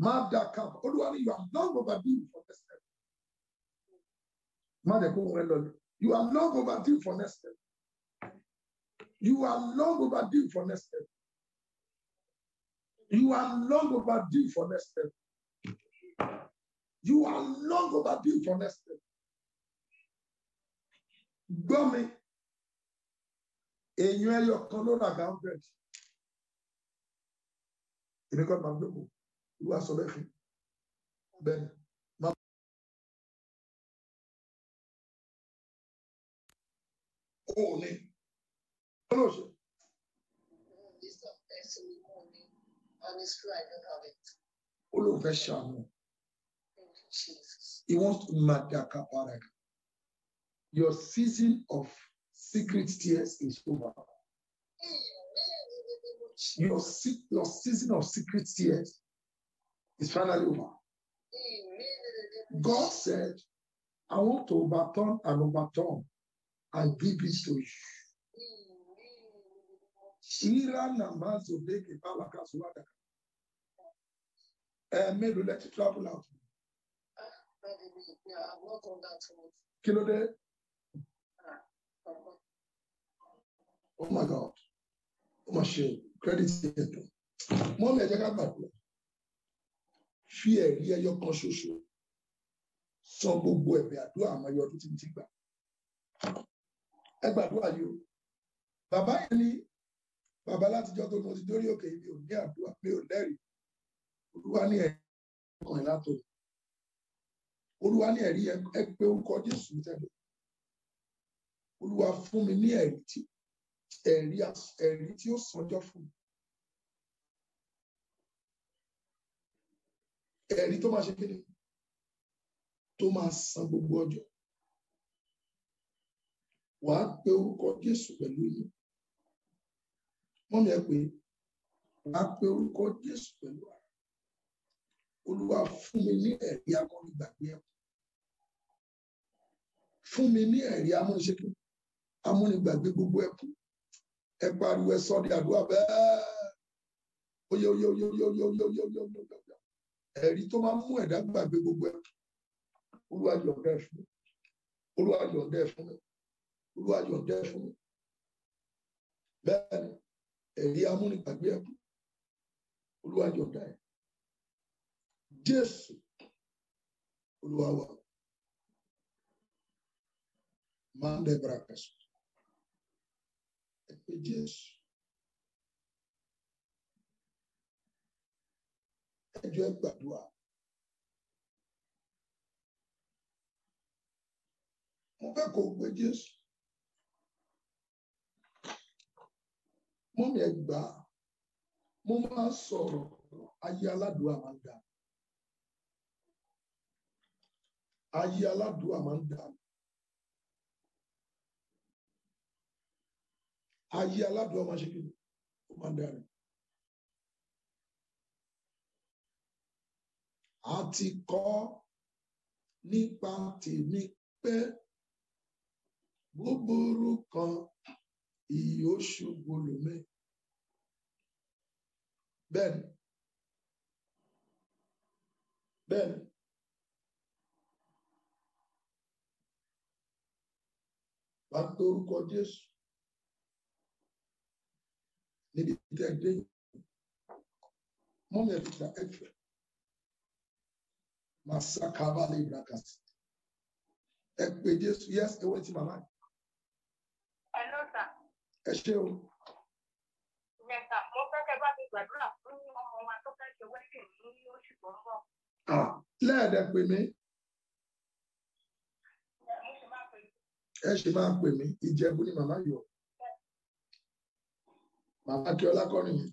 B: má da cap olúwa you are long overdue for next step you are long overdue for next step you are long overdue for next step you are long overdue for next step you are long overdue for next step gbọ́ mi èèyàn ẹyọ kan ló ra gàmbẹ́ẹ̀dì èmi kọ́ máa ń gbé bò olúwa sọ bẹ́ẹ̀ fún bẹ́ẹ̀ ni. kó o ní. Kọ́lọ́ ṣe. Olùfẹ́ ṣàánú. He wants to madaka paraka. Your season of secret tears is over. Your, your season of secret tears Israel over. God said, I want to overturn and overturn and give this to you. Ẹ̀ẹ́mẹ́lò eh, lẹ́tí travel out. Kí ló dé? Oh my God, ó mà ṣe credit ṣe ètò. Mọ́mí ẹ̀jẹ̀ ká gbàgbọ́ fi ẹ̀rí ẹyọ kan ṣoṣo sọ gbogbo ẹ̀bẹ̀ àdúrà àwọn ẹyọ tó ti ti gbà ẹ gbàdúrà yìí o bàbá yẹn ni bàbá látijọ́ tó mo ti dórí òkè mi ò ní àdúrà mi ò lẹ́rìí olúwa ní ẹ̀rí ọkàn ẹ̀ látò olúwa ní ẹ̀rí ẹ pé orúkọ jésù tẹ́lẹ̀ olúwa fún mi ní ẹ̀rí tí ẹ̀rí tí ó sanjọ́ fún mi ẹ̀rí tó máa ṣe kí ni tó máa san gbogbo ọjọ́ wàá pe orúkọ Jésù pẹ̀lú yìí mọ́mí ẹ pé wàá pe orúkọ Jésù pẹ̀lú ara Olúwa fún mi ní ẹ̀rí amúnigbàgbé ẹ̀kọ́ fún mi ní ẹ̀rí amúniṣẹ́kí amúnigbàgbé gbogbo ẹ̀kọ́ ẹ pariwo ẹ sọ di àdúrà bẹ́ẹ̀ oye oye oye oye oye oye oye oye oye oye ẹ̀rí tó máa ń mú ẹ̀dá gbàgbé gbogbo ẹ̀ olúwàjọ ọ̀dẹ́ fún mi olúwàjọ ọ̀dẹ́ fún mi olúwàjọ ọ̀dẹ́ fún mi bẹ́ẹ̀ ni ẹ̀rí amúnigbàgbé ẹ̀kú olúwàjọ ọ̀dá ẹ̀ jésù olúwàwà máa ń dẹ́gbàrà kẹsàn-án jésù. ẹjọ́ ẹ gbàdúrà. Mo fẹ́ kó gbé Jésù. Mọ́mí ẹ gbà á. Mo máa sọ̀rọ̀ ayé aládùúgbò máa ń dà. Ayé aládùúgbò máa ń dà. Ayé aládùúgbò máa ń ṣe kí ni? máa ń darí. a ti kọ́ nípa tèmi pé búburú kan ìyó ṣubú lómi bẹ́ẹ̀ni bẹ́ẹ̀ni wàá dórúkọ Jésù níbi tẹ́ dé mọ́mí ẹ̀fìtà ẹ̀fẹ̀ masakaba librakas ẹ pé jésù yes ẹ wọ́n ti màmá. ẹ ló sà. ẹ ṣé o.
C: yẹ̀sà mo fẹ́ kẹ́ bá mi gbàdúrà fún ọmọ wa tó fẹ́ ṣe wedding ní oṣù tó ń bọ̀.
B: lẹ́ẹ̀dẹ̀ pè mí. ẹ ṣe máa pè mí ìjẹ̀bú ni màmá yọ. màmá kí ọlá kọrin mi.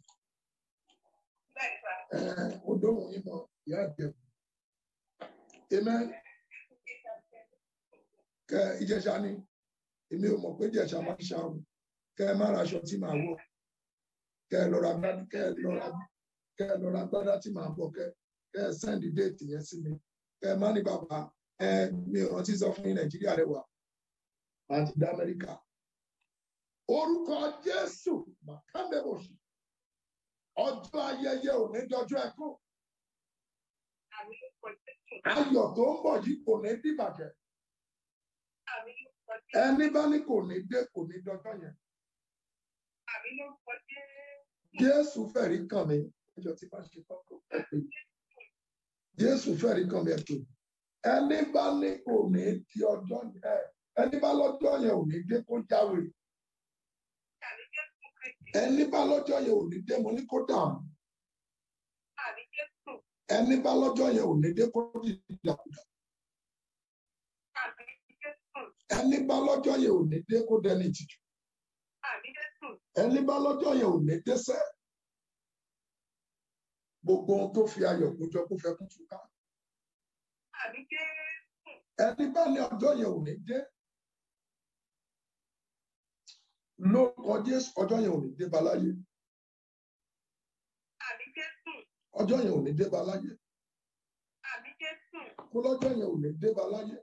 B: o dóhùn yín mọ ìyá ìjẹ̀bú. amen kẹ Ijesha ni èmi ò mọ̀ pé ìjẹ̀ṣà máa kẹ mara aṣọ tí kẹ ẹ lọ́ra gbádùn kẹ ẹ kẹ kẹ kẹ yẹn sí mi kẹ ma má ẹ mi ò rántí sọ fún yín nàìjíríà rẹwà àti dá amẹ́ríkà orúkọ jésù màkàndébòsì ọjọ́ ayẹyẹ Ayọ̀ tó ń bọ̀ yìí kò ní dìbàjẹ́. Ẹni bá ní kò ní dé kò ní dọjọ́ yẹn. Jésù fẹ̀rí kàn mí. Ẹjọ́ tí bá ṣe tán kò pẹ́ Jésù fẹ̀rí kàn mí ẹ̀tọ́. Ẹni bá ní kò ní di ọjọ́ yẹn. Ẹni bá lọ́jọ́ yẹn ò ní dé kó jáwèé. Ẹni bá lọ́jọ́ yẹn ò ní dé mo ní kó dààmú ẹni bá lọ́jọ́ yẹn ò ní dé kó dìdàkudà ẹni bá lọ́jọ́ yẹn ò ní dé kó dẹni ìtìjú ẹni bá lọ́jọ́ yẹn ò ní dẹ́ṣẹ̀ gbogbo ohun tó fi ayọ̀ kójọ kó fẹ́ kún túká ẹni bá ní ọjọ́ yẹn ò ní dé lórúkọ Jésù ọjọ́ yẹn ò ní dé baláyé. ọjọ́ yẹn ò ní débá láyé kó lọ́jọ́ yẹn ò ní débá láyé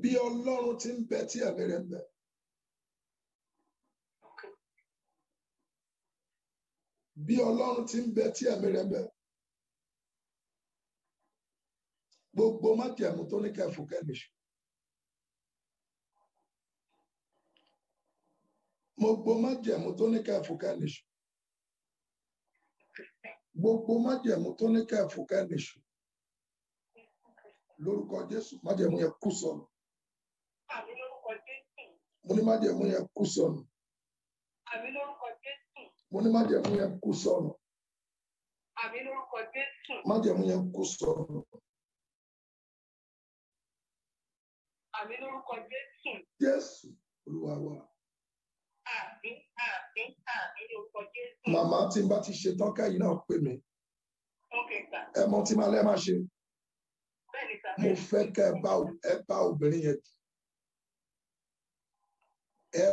B: bí ọlọ́run ti ń bẹ tí ẹ̀mí rẹ̀ ń bẹ. bí ọlọ́run ti ń bẹ tí ẹ̀mí rẹ̀ ń bẹ. gbogbo májẹ̀mú tó ní kẹfù kẹ́nìṣù. mo gbogbo májẹ̀mú tó ní kẹfù kẹ́nìṣù gbogbo májẹ̀mú tó ní kẹfù kẹ́nìṣù lórúkọ jésù májẹ̀mú yẹn kú sọnù mo ní májẹ̀mú yẹn kú sọnù mo ní májẹ̀mú yẹn kú sọnù májẹ̀mú yẹn kú sọnù. Jésù Olúwa wa
C: àmín àmín àmín ní orúkọ Jésù.
B: màmá tí n bá ti ṣe tán káyìí náà pè mí. ẹ mọ tí màá lẹ́ máa ṣe. mo fẹ́ kẹ́ ẹ bá obìnrin yẹn jù. ẹ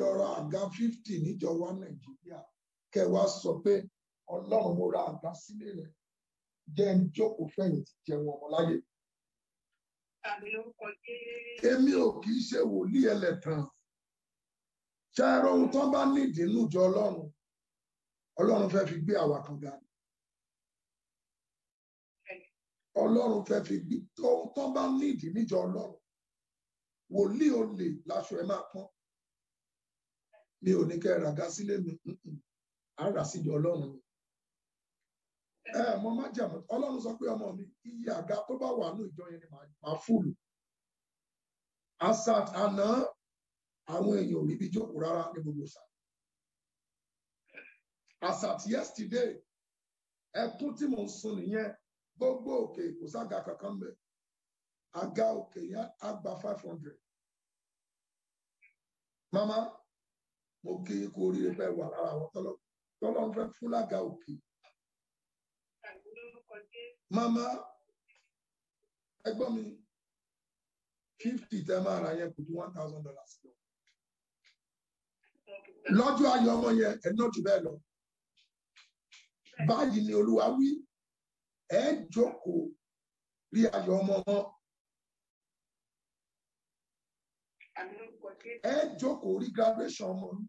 B: lọ ra àga fifty níjọ wa Nàìjíríà kẹ́ wá sọ pé Ọlọ́run mo ra àga sílé rẹ̀ jẹ́ ń jókòó fẹ̀yìntì jẹun ọmọláyè. èmi ò kì í ṣe wòlíì ẹlẹ́tàn. ṣe ẹ̀rọ ohun tán bá nídìí nújọ ọlọ́run ọlọ́run fẹ́ fi gbé àwa kan ga ọlọ́run fẹ́ fi gbé ohun tán bá nídìí níjọ ọlọ́run wòlíì olè láṣọ ẹ máa pọ́n mi ò ní kẹ́ ẹ ràgá sílé mi á síjọ ọlọ́run ẹ mọ má jẹ ọlọ́run sọ pé ọmọ mi iye àga tó bá wà nù ìjọ yẹn ni màá fúlù àṣà àná àwọn èèyàn ò rí bí jókòó rárá ní gbogbo sà. as at yesterday ẹkún tí mo ń sun nìyẹn gbogbo òkè kò sága kankan mbẹ àga òkè yẹn á gba five hundred. mama mo kí ikú oríire bẹ́ẹ̀ wà lára àwọn tọ́lọ́ tọ́lọ́ ń fẹ́ fúlága òkè. mama ẹgbọ́n mi fifty tẹ́ máa ra yẹn kò ju one thousand dollars lọ
C: lọ́jọ́ ayọ̀ ọmọ
B: yẹn ẹ̀ náà jù bẹ́ẹ̀ lọ. báyìí ni olúwa wí ẹ jókòó rí ayọ̀ ọmọ wọn. ẹ jókòó rí graduation ọmọ mi.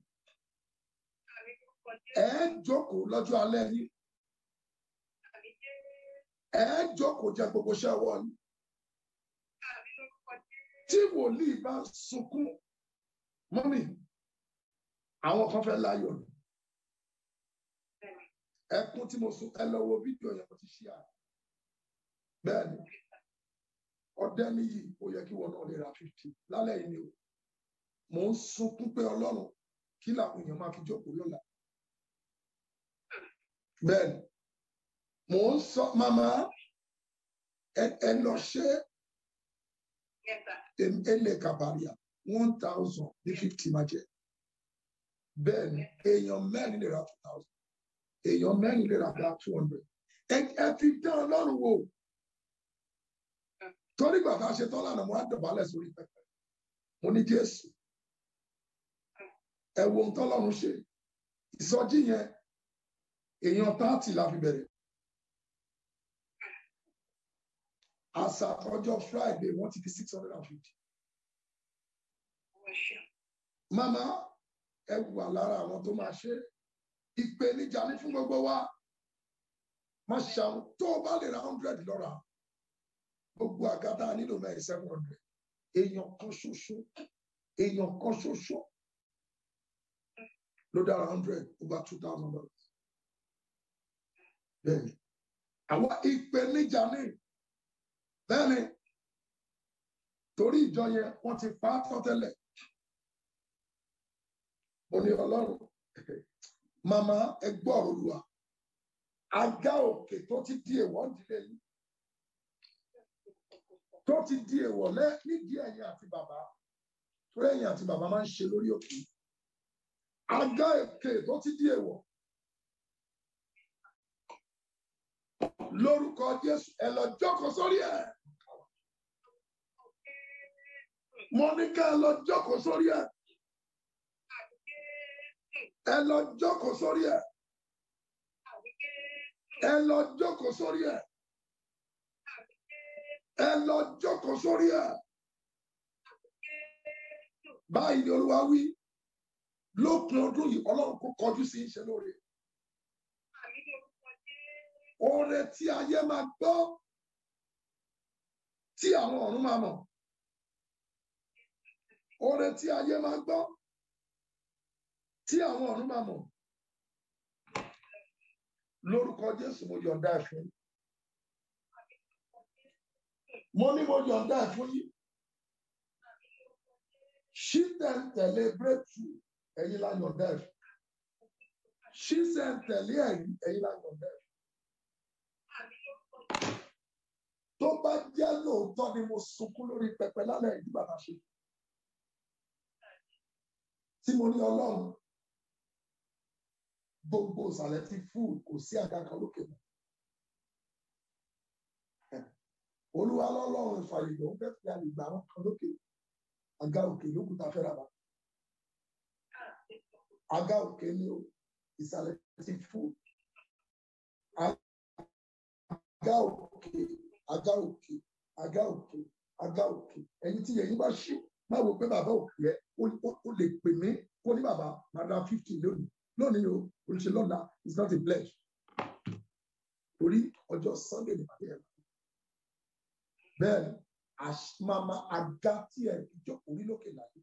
B: ẹ jókòó lọ́jọ́ alẹ́ yìí. ẹ jókòó jẹ gbogbo iṣẹ́ ọwọ́ yìí. tí wòlíì bá sunkún mọ́mì àwọn kan fẹ́ láyọ̀ ni ẹkún tí mo sun ẹ lọ wo fídíò yẹn mo ti ṣí à bẹ́ẹ̀ ni ọdẹ níyì ó yẹ kí wọn náà lè ra fifty lálẹ́ yìí ni o mò ń sunkún pé Ọlọ́run kí làwọn èèyàn máa fi jókòó lọ́la bẹ́ẹ̀ ni mò ń sọ màmá ẹ lọ ṣe ẹ lè kàbàrìà one thousand ní fifty máa jẹ bẹ́ẹ̀ ni èèyàn mẹ́rin lè ra two thousand èèyàn mẹ́rin lè ra bá two hundred ẹ fi dán ọlọ́run wò torí bàtà ṣe tán lánàá mo á dọ̀bálẹ̀ sórí pẹpẹ mo ní jésù ẹ wo ohun tọ́lọ́run ṣe ìsọjí yẹn èèyàn táàtì la fi bẹ̀rẹ̀ àṣàkọjọ friday wọ́n ti di six hundred and fifty. mama ẹ wà lára àwọn tó máa ṣe ìpèníjà ní fún gbogbo wa má ṣàwọn tó o bá lè ra hundred lọ́ra gbogbo àgádá nílò mẹ́rin seven hundred èèyàn kan ṣoṣo èèyàn kan ṣoṣo ló dára hundred over two thousand dollars bẹ́ẹ̀ni àwọn ìpèníjà ní bẹ́ẹ̀ni torí ìjọ yẹn wọ́n ti pa á tọ́tẹ́lẹ̀ mo ní ọlọ́run màmá ẹ gbọ́ ọ̀rọ̀ olùwà àga òkè tó ti di èèwọ̀ nílé yìí tó ti di èèwọ̀ lẹ́ nídìí ẹ̀yìn àti bàbá tó ẹ̀yìn àti bàbá máa ń ṣe lórí òkè àga òkè tó ti di èèwọ̀ lórúkọ Jésù ẹ lọ jókòó sórí ẹ mo ní ká ẹ lọ jókòó sórí ẹ ẹ lọ jókòó sórí ẹ̀ ẹ lọ jókòó sórí ẹ̀ ẹ lọ jókòó sórí ẹ̀ báyìí ni olúwa wí lópin ọdún yìí ọlọ́run kò kọjú sí iṣẹ́ lóore oore tí ayé máa gbọ́ tí àwọn ọ̀run máa mọ̀ oore tí ayé máa gbọ́ tí àwọn ọ̀run máa mọ̀ lórúkọ Jésù mo yọ̀ǹda ẹ̀ fún yín mo ní mo yọ̀ǹda ẹ̀ fún yín ṣíṣẹ́n tẹ̀lé breakthrough ẹ̀yin la yọ̀ǹda ẹ̀ fún ṣíṣẹ́n tẹ̀lé ẹ̀yin ẹ̀yin la yọ̀ǹda ẹ̀ fún tó bá jẹ́ lóòótọ́ ni mo sunkún lórí pẹpẹ lálẹ́ ìdí bàbá ṣe tí mo ní ọlọ́run gbogbo ìsàlẹ̀ ti fún kò sí àga kan lókè mọ́. olúwa lọ́lọ́run ìfàyè lòun fẹ́ fi àyè wọn kan lókè àga òkè lókùn tá a fẹ́ rárá. àga òkè ni o ìsàlẹ̀ ti fún àga òkè àga òkè àga òkè àga òkè ẹni tí yẹn bá ṣí máa wò pé bàbá òkè ẹ ó lè pè mí kó ní bàbá máa ra fifty lónìí lónìí o oríṣi lọ́la is not a pledge torí ọjọ́ sunday ní pàdé ẹ̀ bẹ́ẹ̀ àmàmà àga tí ẹ̀ jọ orí lókè láyé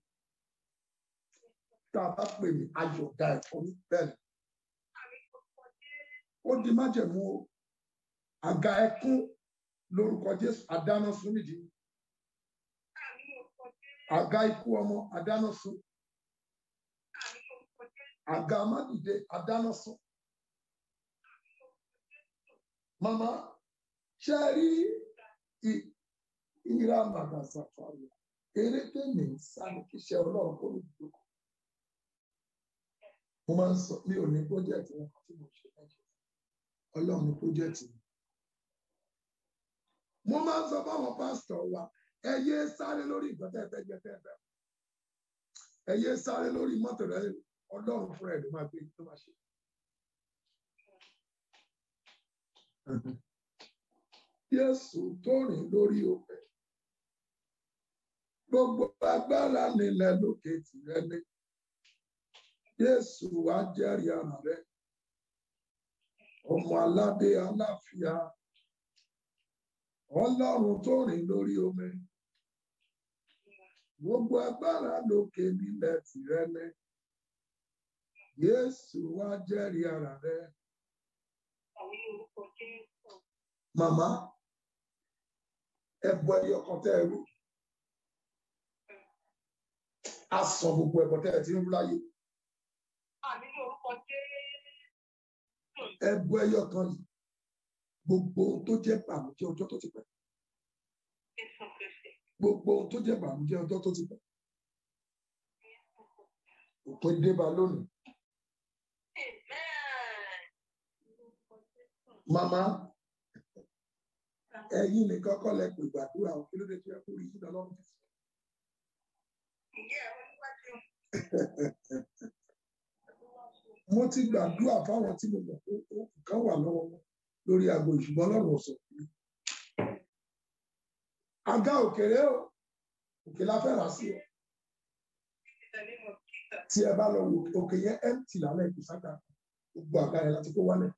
B: tá a bá pè ní ayọ̀dá ẹ̀kọ́ ní bẹ́ẹ̀ ó di májẹ̀mú o àga ẹkún lórúkọ jésù adáná sún nídìí àga ikú ọmọ adáná sún agama má dìde àdáná sùn. Màmá ṣe rí ìhìrà màgàsà fàlù eré tèmi ń sá ní kíṣẹ́ ọlọ́run kó lè dúró. Mo máa ń sọ mi ò ní pọ́jẹ́tì wọn kan tí mo ṣe lẹ́jọ́. Ọlọ́run ní pọ́jẹ́tì mi. Mo máa ń sọ fáwọn pásítọ̀ wa ẹ yé sáré lórí ìgbọ́tẹ̀ẹ́fẹ́ gbẹ́tẹ́ẹ̀fẹ́. Ẹ yé sáré lórí mọ́tò rẹ̀ lè ọlọ́run fúnra ẹ̀ ló máa gbé ló máa ṣe. Jésù tó rìn lórí òkè. Gbogbo agbára nílẹ̀ lókè tìrẹ ní. Jésù wá jẹ́rìí ara rẹ̀. Ọmọ aládé aláfíà. Ọlọ́run tó rìn lórí omi. Gbogbo agbára lókè nílẹ̀ tìrẹ ní. Jésù wá jẹ́rìí ara rẹ. Màmá, ẹbọ ẹyọ kan tẹ́ ẹ rú. A sọ gbogbo ẹbọ tẹ́ ẹ ti ń rú láyé. Ẹbọ ẹyọ kan yìí, gbogbo ohun tó jẹ́ bàmújẹ́ ọjọ́ tó ti pẹ́. Gbogbo ohun tó jẹ́ bàmújẹ́ ọjọ́ tó ti pẹ́. Òpin dé bá lónìí. mama ẹ̀yin nìkan kọ́ lẹ pè gbàdúrà o kí ló dé tí ẹ kú rí yín lọ́wọ́. <laughs> mo ti gbàdúrà fáwọn tí mo mọ̀ ó kàn wà lọ́wọ́ lórí aago ìṣùgbọ́n ọlọ́run ọ̀sán àga òkèrè o òkè la rà sí o tí ẹ bá lọ wò òkè yẹn empty lálẹ́ ìkùsàgbà gbogbo àga yẹn láti kó wálẹ̀.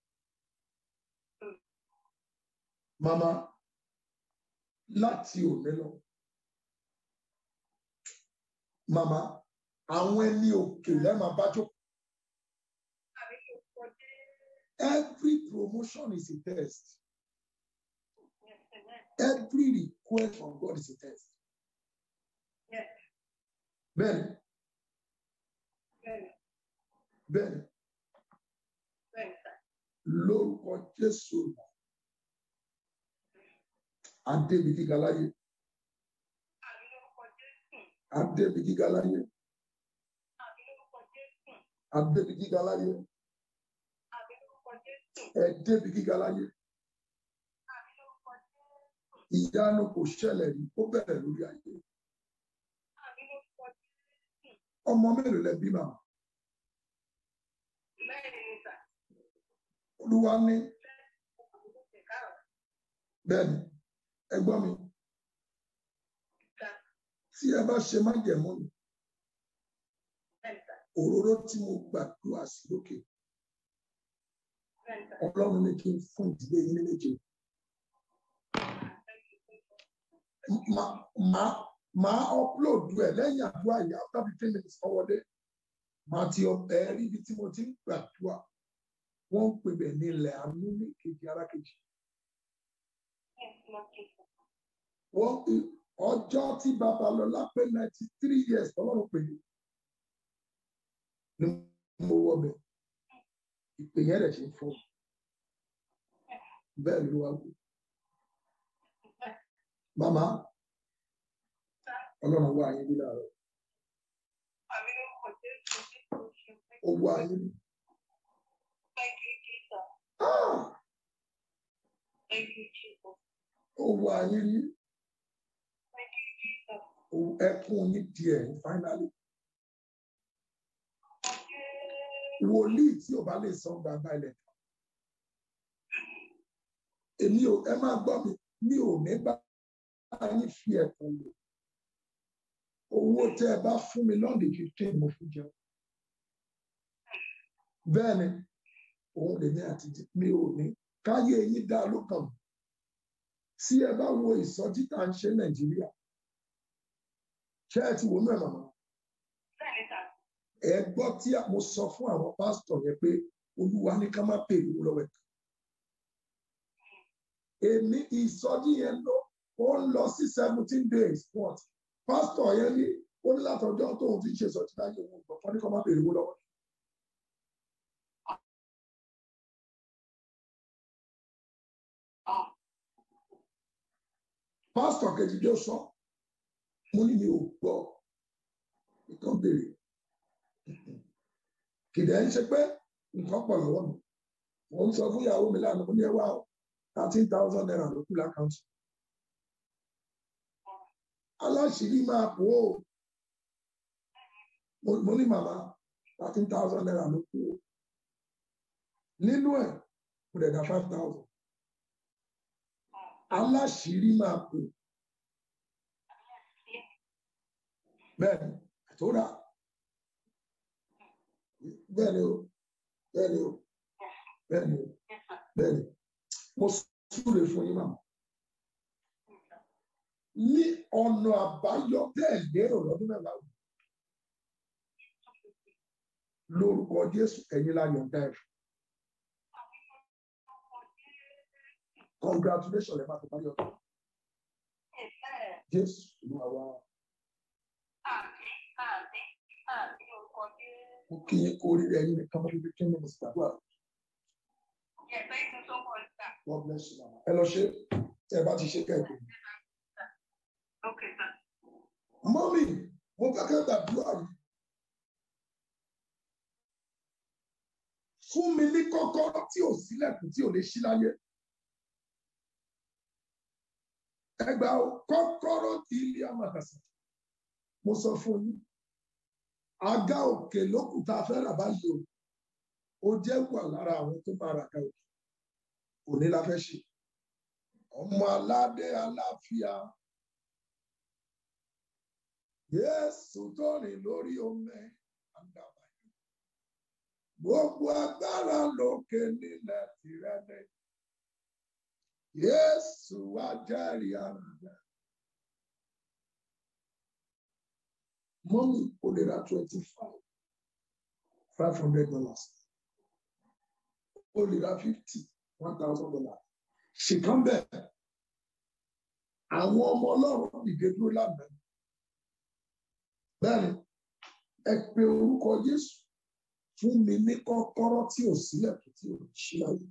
B: Mama, láti òní lọ Mama, àwọn ẹni òkè lẹ́ẹ̀ bá jókòó. Every promotion is a test. Every request from God is a test. Yes. Bẹ́ẹ̀ni. Bẹ́ẹ̀ni. Bẹ́ẹ̀ni. Bẹ́ẹ̀ni. Lórúkọ Jésù à ń débi gíga láyé à ń débi gíga láyé à ń débi gíga láyé ẹ débi gíga láyé ìyanu kò ṣẹlẹ̀ rí ó bẹ̀rẹ̀ lórí ayé ọmọ mélòó lẹ bí olúwa ní bẹ́ẹ̀ ẹ gbọ́ mi tí ẹ bá ṣe májẹ̀mú mi òróró tí mo gbàdúrà sí lókè ọlọ́run ní kí n fún ìdílé yín méje màá màá upload ẹ lẹ́yìn àdúrà yìí after fifteen minutes ọwọ́dé màá ti ọbẹ̀ rí ibi tí mo ti ń gbàdúrà wọ́n ń pè bẹ̀ ní ilẹ̀ ní kejì ara kejì wọ́n ọjọ́ tí Babalọ́lá pé ninety three years ọlọ́run pè é ni mo wọ bẹ̀ ìpè yẹn rẹ̀ ṣe ń fọ́ bẹ́ẹ̀ ló wá wò màmá ọlọ́run wá yín bí láàárọ̀ ó wá yín. Ah! Ó wà yín rí ẹkún ní díẹ̀ finally. wòlíì tí ò bá lè sọ bàbá ilẹ̀ èmi ò ẹ máa gbọ́ mi mi ò ní bá yín fi ẹ̀kún lò owó tẹ́ ẹ bá fún mi lọ́ndì fifteen mo fi jẹun bẹ́ẹ̀ ni òun lèmi àti mi ò ní káyé yín dá lókàn tí ẹ bá wo ìsọjí tá à ń ṣe Nàìjíríà ṣé ẹ ti wò náà màmá. ẹ gbọ́ tí mo sọ fún àwọn pásítọ̀ yẹn pé olúwa ní ká má pè mí lọ́wọ́ ẹ̀. èmi ìsọjí yẹn ló ó ń lọ sí seventeen days but pásítọ̀ yẹn ní ó ní látọjọ́ tóun ti ṣe sọ̀tí láyé òun gbọ̀ngàn ní ká má pè mí lọ́wọ́ ẹ̀. Ah. pásítọ̀ kejì ló sọ mo ní mi ò gbọ́ ìtàn béèrè kìdá ń ṣe pé nǹkan pọ̀ lọ́wọ́ mi mo ń sọ fún ìyàwó mi lánàá mo ní ẹ wá o thirteen thousand naira ló kù lákàntì aláṣìírí máa pò ó mo ní màmá thirteen thousand naira ló kù o nínú ẹ̀ mo dẹ̀ dá five thousand aláṣìírí máa pò ó. bẹ́ẹ̀ni tó rà bẹ́ẹ̀ni o bẹ́ẹ̀ni o bẹ́ẹ̀ni o bẹ́ẹ̀ni mo súre fún yín màmá ní ọ̀nà àbáyọ bẹ́ẹ̀ lérò lọ́dún mẹ́wàá o lórúkọ Jésù ẹ̀yin la yọ̀ǹda ẹ̀fọ́ congratulations ẹ̀ máa tó parí ọdún Jésù ló wà wá mo kí yín kó oríire ẹ̀yin nìkan mọ́ bíbí kí ni mo sì gbàdúrà. God bless you mama. Ẹ lọ ṣe ẹ bá ti ṣe kẹ́kẹ́. Mọ́mí, mo fẹ́ kẹ́ gbàdúrà yìí. Fún mi ní kọ́kọ́rọ́ tí ò sílẹ̀kùn tí ò lè ṣí láyé. Ẹ gbà kọ́kọ́rọ́ tí ilé àmàdàsà mo sọ fún yín àga òkè lókùn tá a fẹ́ rà báyìí o ó jẹ́ wà lára àwọn tó máa ra àga òkè òní la fẹ́ ṣe ọmọ aládé aláfíà Jésù tó rìn lórí omi àdàbàyè gbogbo agbára lókè nílẹ̀ tìrẹ ní wá jẹ́rìí àrùn náà. Money ó lè ra twenty five dollars ó lè ra fifty one thousand dollars ṣìkan bẹ́ẹ̀ àwọn ọmọ ọlọ́run dìde dúró lánàá bẹ́ẹ̀ ẹ pe orúkọ Jésù fún mi ní kọ́kọ́rọ́ tí ò sílẹ̀ tó tí ò ṣí
A: láyé.